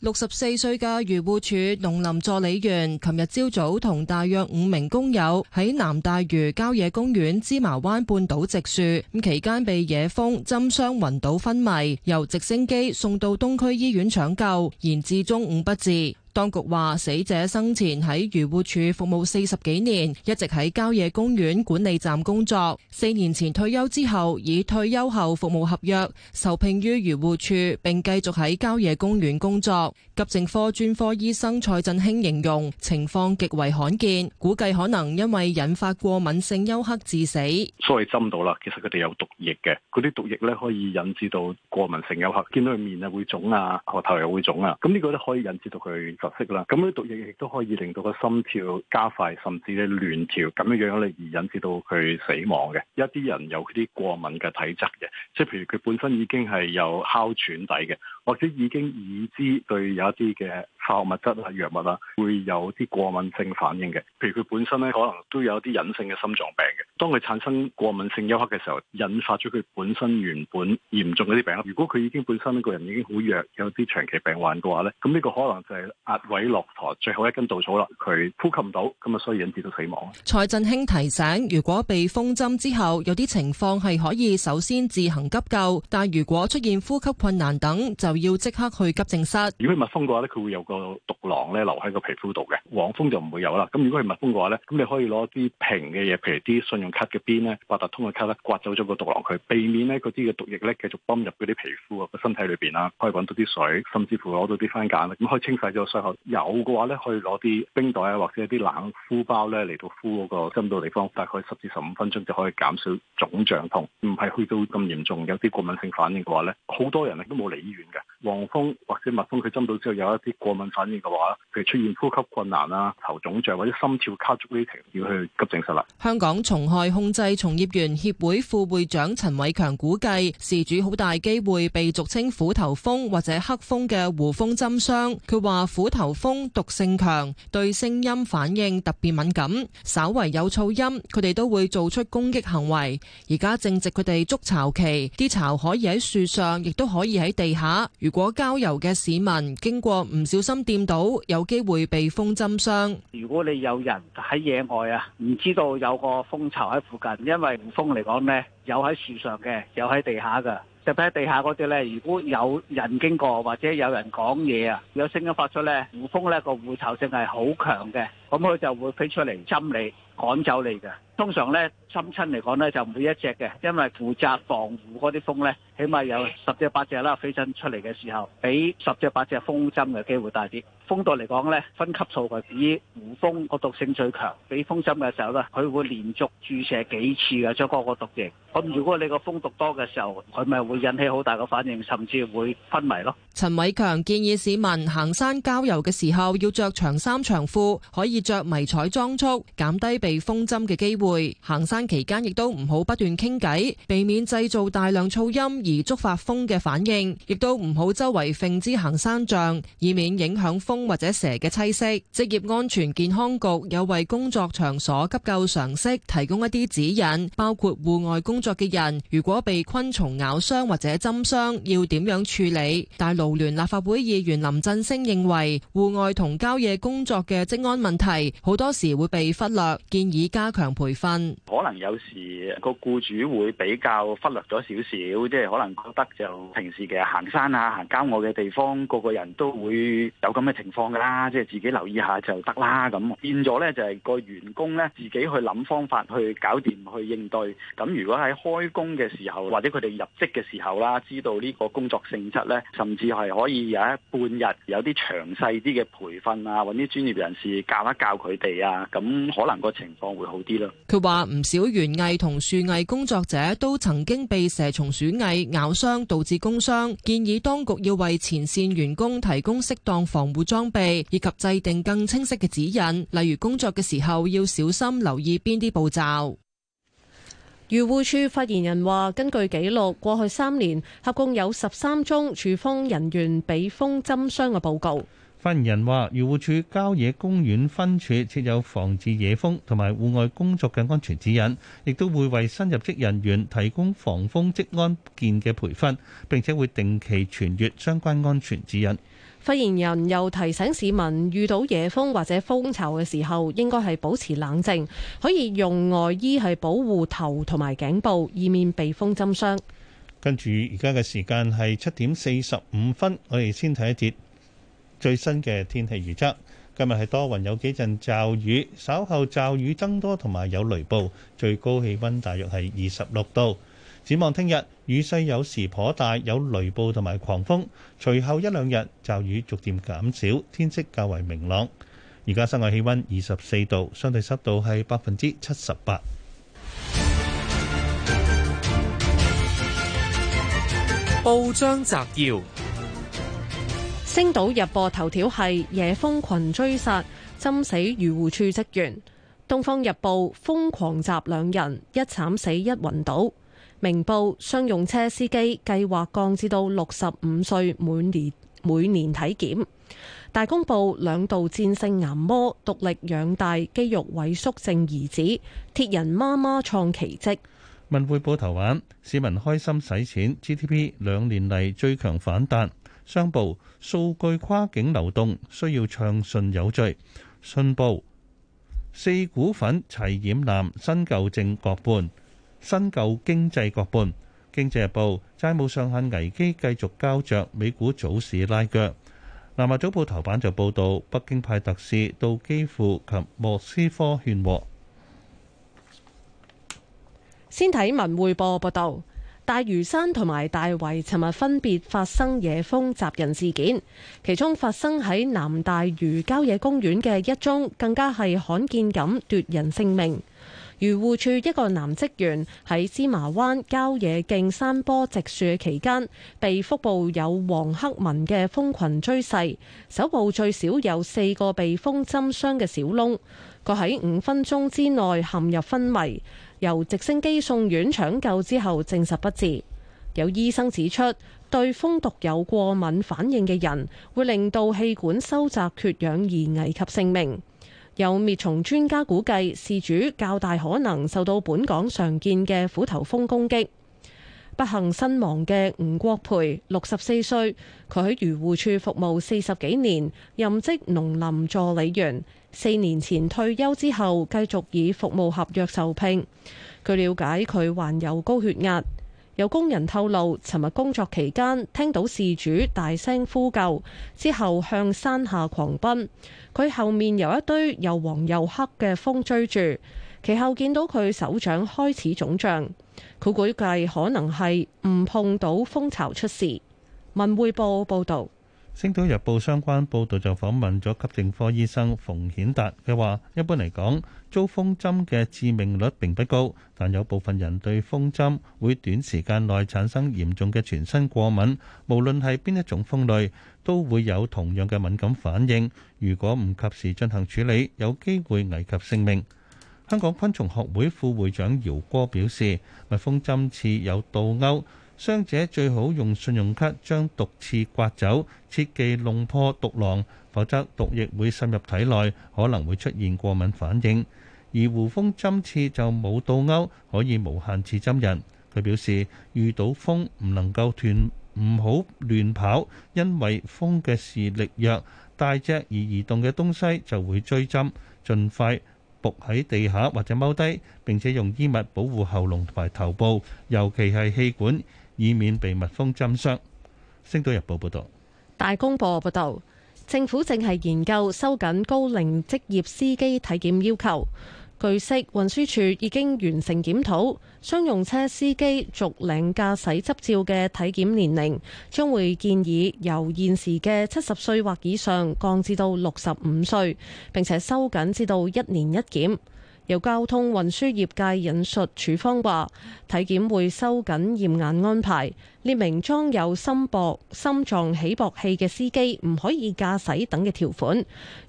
六十四歲嘅漁護署農林助理員，琴日朝早同大約五名工友喺南大嶼郊野公園芝麻灣半島植樹，咁期間被野蜂針傷暈倒昏迷，由直升機送到東區醫院搶救，延至中午不治。當局話死者生前喺漁護署服務四十幾年，一直喺郊野公園管理站工作。四年前退休之後，以退休後服務合約受聘於漁護處，並繼續喺郊野公園工作。急症科專科醫生蔡振興形容情況極為罕見，估計可能因為引發過敏性休克致死。所以針到啦，其實佢哋有毒液嘅，嗰啲毒液呢可以引致到過敏性休克，見到佢面啊會腫啊，額頭又會腫啊，咁呢個咧可以引致到佢。特色啦，咁呢毒液亦都可以令到個心跳加快，甚至咧亂跳，咁樣樣咧而引致到佢死亡嘅。一啲人有佢啲過敏嘅體質嘅，即係譬如佢本身已經係有哮喘底嘅。 或者已經已知對有一啲嘅化學物質啊、藥物啊，會有啲過敏性反應嘅。譬如佢本身咧，可能都有啲隱性嘅心臟病嘅。當佢產生過敏性休克嘅時候，引發咗佢本身原本嚴重嗰啲病。如果佢已經本身呢個人已經好弱，有啲長期病患嘅話咧，咁呢個可能就係壓位落台最後一根稻草啦。佢呼吸唔到，咁啊，所以引致到死亡。蔡振興提醒：如果被封針之後，有啲情況係可以首先自行急救，但如果出現呼吸困難等就要即刻去急症室。如果係蜜蜂嘅話咧，佢會有個毒囊咧留喺個皮膚度嘅。黃蜂就唔會有啦。咁如果係蜜蜂嘅話咧，咁你可以攞啲平嘅嘢，譬如啲信用卡嘅邊咧，八達通嘅卡咧，刮走咗個毒囊佢，避免呢嗰啲嘅毒液咧繼續泵入嗰啲皮膚啊、個身體裏邊啦。可以搵到啲水，甚至乎攞到啲番梘咁可以清洗咗個傷口。有嘅話咧，可以攞啲冰袋啊，或者一啲冷敷包咧嚟到敷嗰個深度地方，大概十至十五分鐘就可以減少腫脹痛。唔係去到咁嚴重，有啲過敏性反應嘅話咧，好多人咧都冇嚟醫院嘅。黃蜂或者蜜蜂，佢針到之後有一啲過敏反應嘅話，譬如出現呼吸困難啊、頭腫脹或者心跳卡住呢啲，要去急症室啦。香港蟲害控制從業員協會副會長陳偉強估計，事主好大機會被俗稱虎頭蜂或者黑蜂嘅胡蜂針傷。佢話虎頭蜂毒性強，對聲音反應特別敏感，稍為有噪音，佢哋都會做出攻擊行為。而家正值佢哋築巢期，啲巢可以喺樹上，亦都可以喺地下。如果郊遊嘅市民經過唔小心掂到，有機會被蜂針傷。如果你有人喺野外啊，唔知道有個蜂巢喺附近，因為胡蜂嚟講呢，有喺樹上嘅，有喺地下㗎。特別喺地下嗰啲呢，如果有人經過或者有人講嘢啊，有聲音發出呢，胡蜂呢個護巢性係好強嘅。咁佢就會飛出嚟針你趕走你嘅。通常咧，針親嚟講咧就每一隻嘅，因為負責防護嗰啲蜂咧，起碼有十隻八隻啦飛身出嚟嘅時候，俾十隻八隻蜂針嘅機會大啲。蜂毒嚟講咧，分級數嘅，比胡蜂個毒性最強，俾蜂針嘅時候咧，佢會連續注射幾次嘅將嗰個毒液。咁如果你個蜂毒多嘅時候，佢咪會引起好大個反應，甚至會昏迷咯。陳偉強建議市民行山郊遊嘅時候要着長衫長褲，可以，着迷彩裝束，減低被蜂針嘅機會。行山期間亦都唔好不斷傾偈，避免製造大量噪音而觸發蜂嘅反應。亦都唔好周圍揈枝行山杖，以免影響蜂或者蛇嘅棲息。職業安全健康局有為工作場所急救常識提供一啲指引，包括戶外工作嘅人如果被昆蟲咬傷或者針傷，要點樣處理？大勞聯立法會議員林振升認為，戶外同郊野工作嘅職安問題。係好多時會被忽略，建議加強培訓。可能有時個僱主會比較忽略咗少少，即係可能覺得就平時嘅行山啊、行郊外嘅地方，個個人都會有咁嘅情況噶啦，即係自己留意下就得啦。咁變咗咧就係個員工咧自己去諗方法去搞掂、去應對。咁如果喺開工嘅時候或者佢哋入職嘅時候啦，知道呢個工作性質咧，甚至係可以有一半日有啲詳細啲嘅培訓啊，揾啲專業人士教下。教佢哋啊，咁可能個情況會好啲咯。佢話唔少園藝同樹藝工作者都曾經被蛇蟲鼠蟻咬傷，導致工傷。建議當局要為前線員工提供適當防護裝備，以及制定更清晰嘅指引，例如工作嘅時候要小心留意邊啲步驟。漁護處發言人話，根據記錄，過去三年合共有十三宗處防人員俾蜂針傷嘅報告。發言人話，漁護署郊野公園分處設有防治野蜂同埋戶外工作嘅安全指引，亦都會為新入職人員提供防蜂職安健嘅培訓，並且會定期傳閱相關安全指引。發言人又提醒市民，遇到野蜂或者蜂巢嘅時候，應該係保持冷靜，可以用外衣係保護頭同埋頸部，以免被蜂針傷。跟住而家嘅時間係七點四十五分，我哋先睇一節。最新嘅天氣預測，今日係多雲，有幾陣驟雨，稍後驟雨增多同埋有雷暴，最高氣温大約係二十六度。展望聽日雨勢有時頗大，有雷暴同埋狂風，隨後一兩日驟雨逐漸減少，天色較為明朗。而家室外氣温二十四度，相對濕度係百分之七十八。報章摘要。《星島日報》頭條係野蜂群追殺，針死漁護處職員；《東方日報》瘋狂襲兩人，一慘死一暈倒；《明報》商用車司機計劃降至到六十五歲每年每年體檢；《大公報》兩度戰勝癌魔，獨力養大肌肉萎縮症兒子，鐵人媽媽創奇蹟。問《文匯報》頭版，市民開心使錢，GDP 兩年嚟最強反彈。商報數據跨境流動需要暢順有序。信報四股份齊染藍新舊政各半，新舊經濟各半。經濟日報債務上限危機繼續膠着，美股早市拉腳。南華早報頭版就報道北京派特使到基輔及莫斯科勸和。先睇文匯報報道。大嶼山同埋大圍，尋日分別發生野蜂襲人事件，其中發生喺南大嶼郊野公園嘅一宗，更加係罕見咁奪人性命。漁護署一個男職員喺芝麻灣郊野徑山坡植樹嘅期間，被腹部有黃黑紋嘅蜂群追勢，手部最少有四個被蜂針傷嘅小窿，佢喺五分鐘之內陷入昏迷。由直升機送院搶救之後，證實不治。有醫生指出，對蜂毒有過敏反應嘅人，會令到氣管收窄缺氧而危及性命。有滅蟲專家估計，事主較大可能受到本港常見嘅虎頭蜂攻擊。不幸身亡嘅吳國培，六十四歲，佢喺漁護處服務四十幾年，任職農林助理員。四年前退休之後，繼續以服務合約受聘。據了解，佢患有高血壓。有工人透露，尋日工作期間聽到事主大聲呼救，之後向山下狂奔。佢後面由一堆又黃又黑嘅蜂追住，其後見到佢手掌開始腫脹。佢估計可能係唔碰到蜂巢出事。文匯報報道。《星島日報》相關報導就訪問咗急症科醫生馮顯達，佢話：一般嚟講，遭蜂針嘅致命率並不高，但有部分人對蜂針會短時間內產生嚴重嘅全身過敏，無論係邊一種蜂類，都會有同樣嘅敏感反應。如果唔及時進行處理，有機會危及性命。香港昆蟲學會副會長姚哥表示：蜜蜂針刺有倒勾。傷者最好用信用卡將毒刺刮走，切忌弄破毒囊，否則毒液會滲入體內，可能會出現過敏反應。而胡蜂針刺就冇倒勾，可以無限次針人。佢表示，遇到蜂唔能夠斷，唔好亂跑，因為蜂嘅視力弱，大隻而移動嘅東西就會追針。盡快伏喺地下或者踎低，並且用衣物保護喉嚨同埋頭部，尤其係氣管。以免被蜜蜂針傷。星島日報報道。大公報報道，政府正係研究收緊高齡職業司機體檢要求。據悉，運輸署已經完成檢討，商用車司機續領駕駛執照嘅體檢年齡，將會建議由現時嘅七十歲或以上降至到六十五歲，並且收緊至到一年一檢。由交通運輸業界引述署方話，體檢會收緊驗眼安排，列明裝有心搏心臟起搏器嘅司機唔可以駕駛等嘅條款。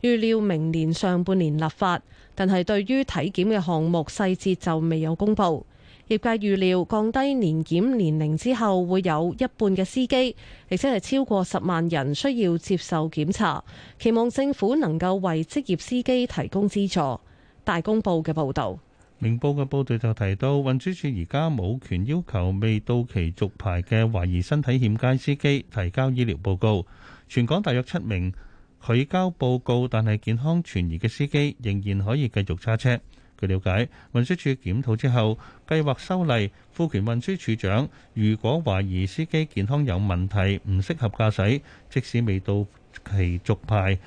預料明年上半年立法，但係對於體檢嘅項目細節就未有公布。業界預料降低年檢年齡之後，會有一半嘅司機，亦即係超過十萬人需要接受檢查。期望政府能夠為職業司機提供資助。大公報嘅報導，明報嘅報道就提到，運輸署而家冇權要求未到期續牌嘅懷疑身體欠佳司機提交醫療報告。全港大約七名拒交報告但係健康存疑嘅司機，仍然可以繼續揸車。據了解，運輸署檢討之後，計劃修例，賦權運輸署長，如果懷疑司機健康有問題，唔適合駕駛，即使未到期續牌，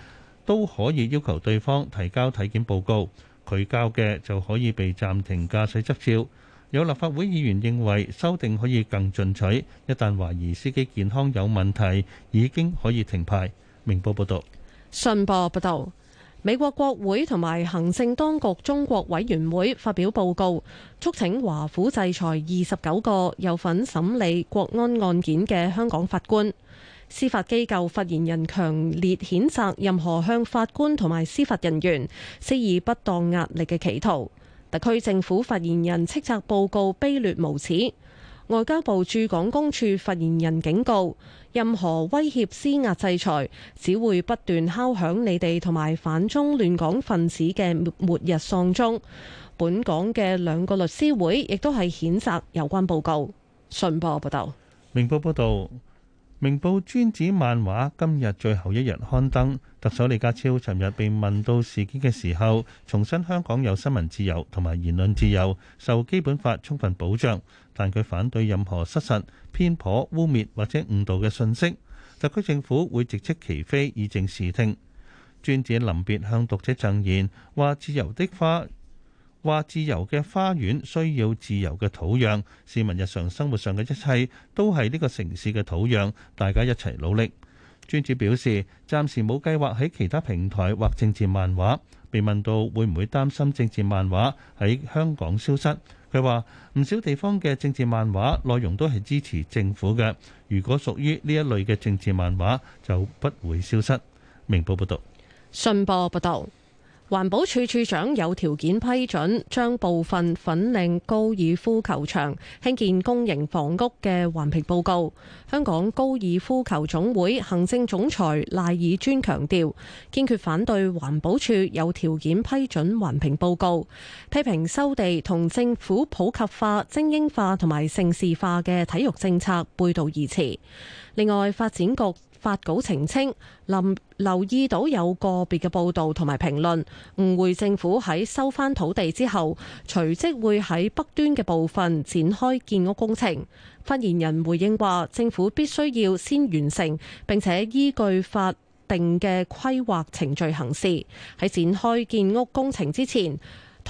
都可以要求對方提交體檢報告。佢交嘅就可以被暫停駕駛執照。有立法會議員認為修訂可以更進取，一旦懷疑司機健康有問題，已經可以停牌。明報報道。信報報道，美國國會同埋行政當局中國委員會發表報告，促請華府制裁二十九個有份審理國安案件嘅香港法官。司法機構發言人強烈譴責任何向法官同埋司法人員施以不當壓力嘅企圖。特區政府發言人斥責報告卑劣無恥。外交部駐港公署發言人警告，任何威脅施壓制裁，只會不斷敲響你哋同埋反中亂港分子嘅末日喪鐘。本港嘅兩個律師會亦都係譴責有關報告。信報報道，明報報道。《明報尊子漫畫》今日最後一日刊登。特首李家超尋日被問到事件嘅時候，重申香港有新聞自由同埋言論自由，受基本法充分保障。但佢反對任何失實、偏頗、污蔑或者誤導嘅信息。特區政府會直斥其非，以正視聽。尊子臨別向讀者贈言，話自由的花。話自由嘅花園需要自由嘅土壤，市民日常生活上嘅一切都係呢個城市嘅土壤，大家一齊努力。尊子表示，暫時冇計劃喺其他平台畫政治漫畫。被問到會唔會擔心政治漫畫喺香港消失，佢話唔少地方嘅政治漫畫內容都係支持政府嘅，如果屬於呢一類嘅政治漫畫，就不會消失。明報報導，信報報導。環保處處長有條件批准將部分粉嶺高爾夫球場興建公營房屋嘅環評報告。香港高爾夫球總會行政總裁賴以尊強調，堅決反對環保署有條件批准環評報告，批評收地同政府普及化、精英化同埋城市化嘅體育政策背道而馳。另外，發展局。發稿澄清，林留意到有個別嘅報導同埋評論誤會政府喺收返土地之後，隨即會喺北端嘅部分展開建屋工程。發言人回應話：政府必須要先完成，並且依據法定嘅規劃程序行事。喺展開建屋工程之前。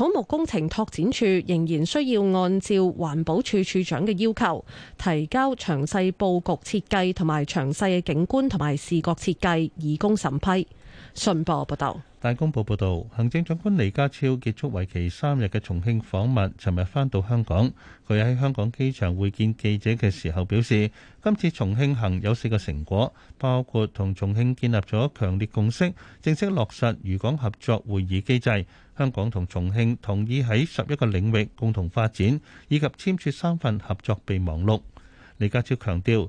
土木工程拓展處仍然需要按照環保處處長嘅要求，提交詳細佈局設計同埋詳細嘅景觀同埋視覺設計以供審批。信報報道。大公報報導，行政長官李家超結束為期三日嘅重慶訪問，尋日返到香港。佢喺香港機場會見記者嘅時候表示，今次重慶行有四個成果，包括同重慶建立咗強烈共識，正式落實渝港合作會議機制；香港同重慶同意喺十一個領域共同發展，以及簽署三份合作備忘錄。李家超強調。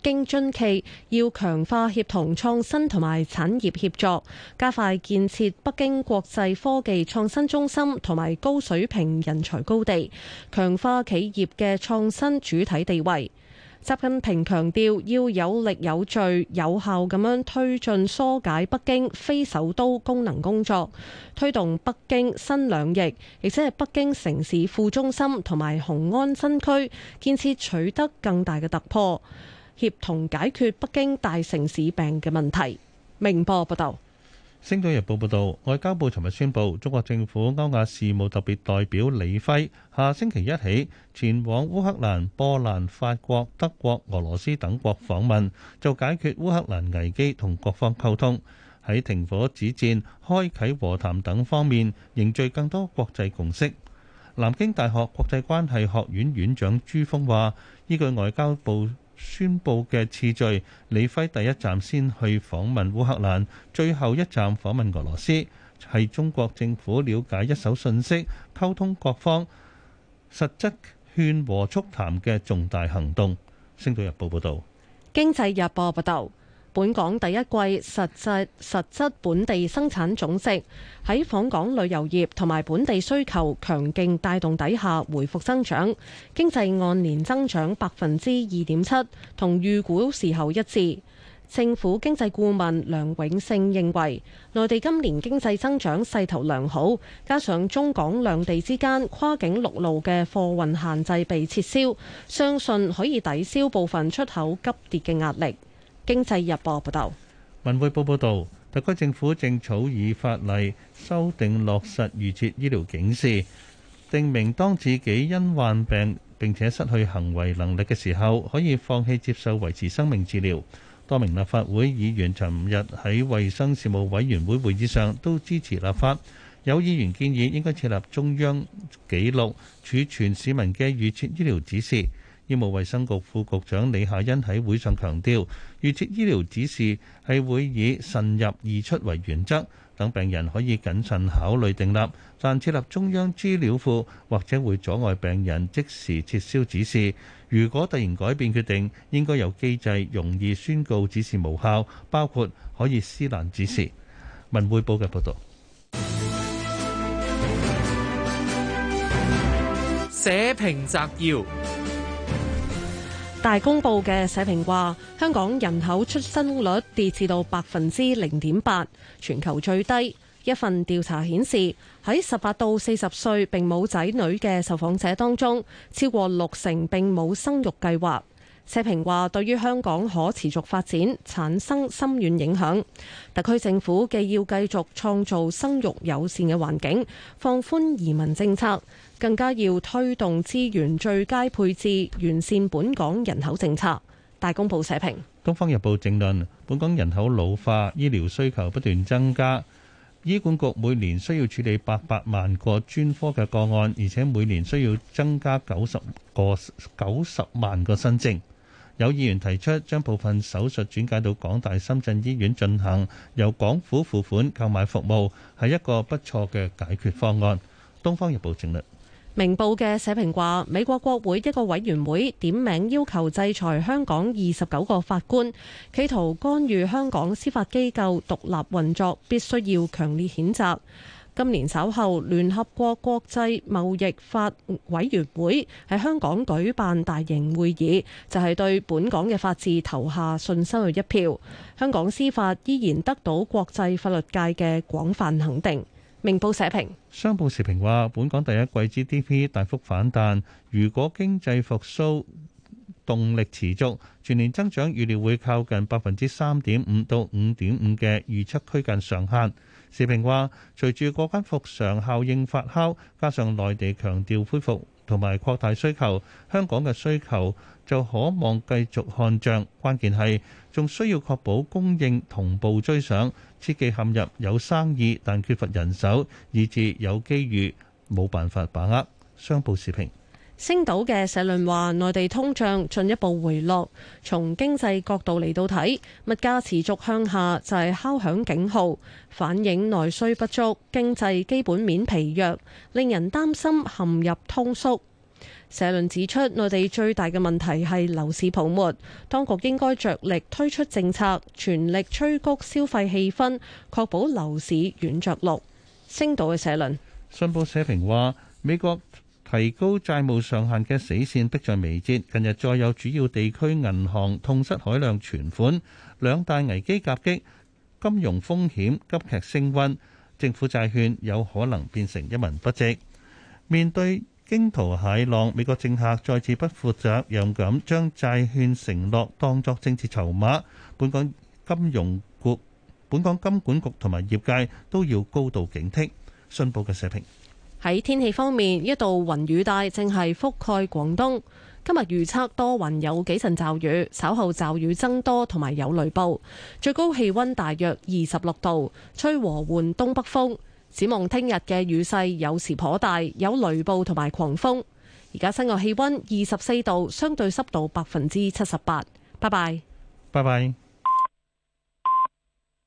京津冀要強化協同創新同埋產業協作，加快建設北京國際科技創新中心同埋高水平人才高地，強化企業嘅創新主體地位。習近平強調要有力有序有效咁樣推進疏解北京非首都功能工作，推動北京新兩翼，亦即係北京城市副中心同埋雄安新區建設取得更大嘅突破。協同解決北京大城市病嘅問題。明報報道，《星島日報》報道，外交部尋日宣布，中國政府歐亞事務特別代表李輝下星期一起前往烏克蘭、波蘭、法國、德國、俄羅斯等國訪問，就解決烏克蘭危機同各方溝通，喺停火止戰、開啓和談等方面凝聚更多國際共識。南京大學國際關係學院院長朱峰話，依據外交部。宣佈嘅次序，李輝第一站先去訪問烏克蘭，最後一站訪問俄羅斯，係中國政府了解一手信息、溝通各方、實質勸和促談嘅重大行動。星島日報報道，經濟日報報道。本港第一季實際實質本地生產總值喺訪港旅遊業同埋本地需求強勁帶動底下回復增長，經濟按年增長百分之二點七，同預估時候一致。政府經濟顧問梁永勝認為，內地今年經濟增長勢頭良好，加上中港兩地之間跨境陸路嘅貨運限制被撤銷，相信可以抵消部分出口急跌嘅壓力。經濟日報報道，文匯報報道，特區政府正草擬法例修訂落實預設醫療警示，定明當自己因患病並且失去行為能力嘅時候，可以放棄接受維持生命治療。多名立法會議員尋日喺衛生事務委員會會議上都支持立法，有議員建議應該設立中央紀錄儲存市民嘅預設醫療指示。醫務衛生局副局長李夏欣喺會上強調，預設醫療指示係會以慎入易出為原則，等病人可以謹慎考慮訂立。但設立中央資料庫或者會阻礙病人即時撤銷指示。如果突然改變決定，應該有機制容易宣告指示無效，包括可以撕爛指示。文匯報嘅報道。社評摘要。大公報嘅社評話：香港人口出生率跌至到百分之零點八，全球最低。一份調查顯示，喺十八到四十歲並冇仔女嘅受訪者當中，超過六成並冇生育計劃。社評話：對於香港可持續發展產生深遠影響，特區政府既要繼續創造生育友善嘅環境，放寬移民政策，更加要推動資源最佳配置，完善本港人口政策。大公報社評，《東方日報》正論：本港人口老化，醫療需求不斷增加，醫管局每年需要處理八百萬個專科嘅個案，而且每年需要增加九十個九十萬個新症。有議員提出將部分手術轉介到港大深圳醫院進行，由港府付款購買服務，係一個不錯嘅解決方案。《東方日報》正論，《明報》嘅社評話：美國國會一個委員會點名要求制裁香港二十九個法官，企圖干預香港司法機構獨立運作，必須要強烈譴責。今年稍後，聯合國國際貿易法委員會喺香港舉辦大型會議，就係、是、對本港嘅法治投下信心嘅一票。香港司法依然得到國際法律界嘅廣泛肯定。明報社評。商報時評話，本港第一季 GDP 大幅反彈，如果經濟復甦動力持續，全年增長預料會靠近百分之三點五到五點五嘅預測區間上限。時評話：隨住國家復常效應發酵，加上內地強調恢復同埋擴大需求，香港嘅需求就可望繼續看漲。關鍵係仲需要確保供應同步追上。切忌陷入有生意但缺乏人手，以至有機遇冇辦法把握。商報時評。星島嘅社論話：內地通脹進一步回落，從經濟角度嚟到睇，物價持續向下就係敲響警號，反映內需不足，經濟基本面疲弱，令人擔心陷入通縮。社論指出，內地最大嘅問題係樓市泡沫，當局應該着力推出政策，全力催谷消費氣氛，確保樓市軟着陸。星島嘅社論，信報社評話美國。提高債務上限嘅死線迫在眉睫，近日再有主要地區銀行痛失海量存款，兩大危機夾擊，金融風險急劇升溫，政府債券有可能變成一文不值。面對驚濤駭浪，美國政客再次不負責任咁，將債券承諾當作政治籌碼，本港金融局、本港金管局同埋業界都要高度警惕。信報嘅社評。喺天氣方面，一道雲雨帶正係覆蓋廣東。今日預測多雲，有幾陣驟雨，稍後驟雨增多，同埋有雷暴。最高氣溫大約二十六度，吹和緩東北風。展望聽日嘅雨勢有時頗大，有雷暴同埋狂風。而家室外氣溫二十四度，相對濕度百分之七十八。拜拜，拜拜。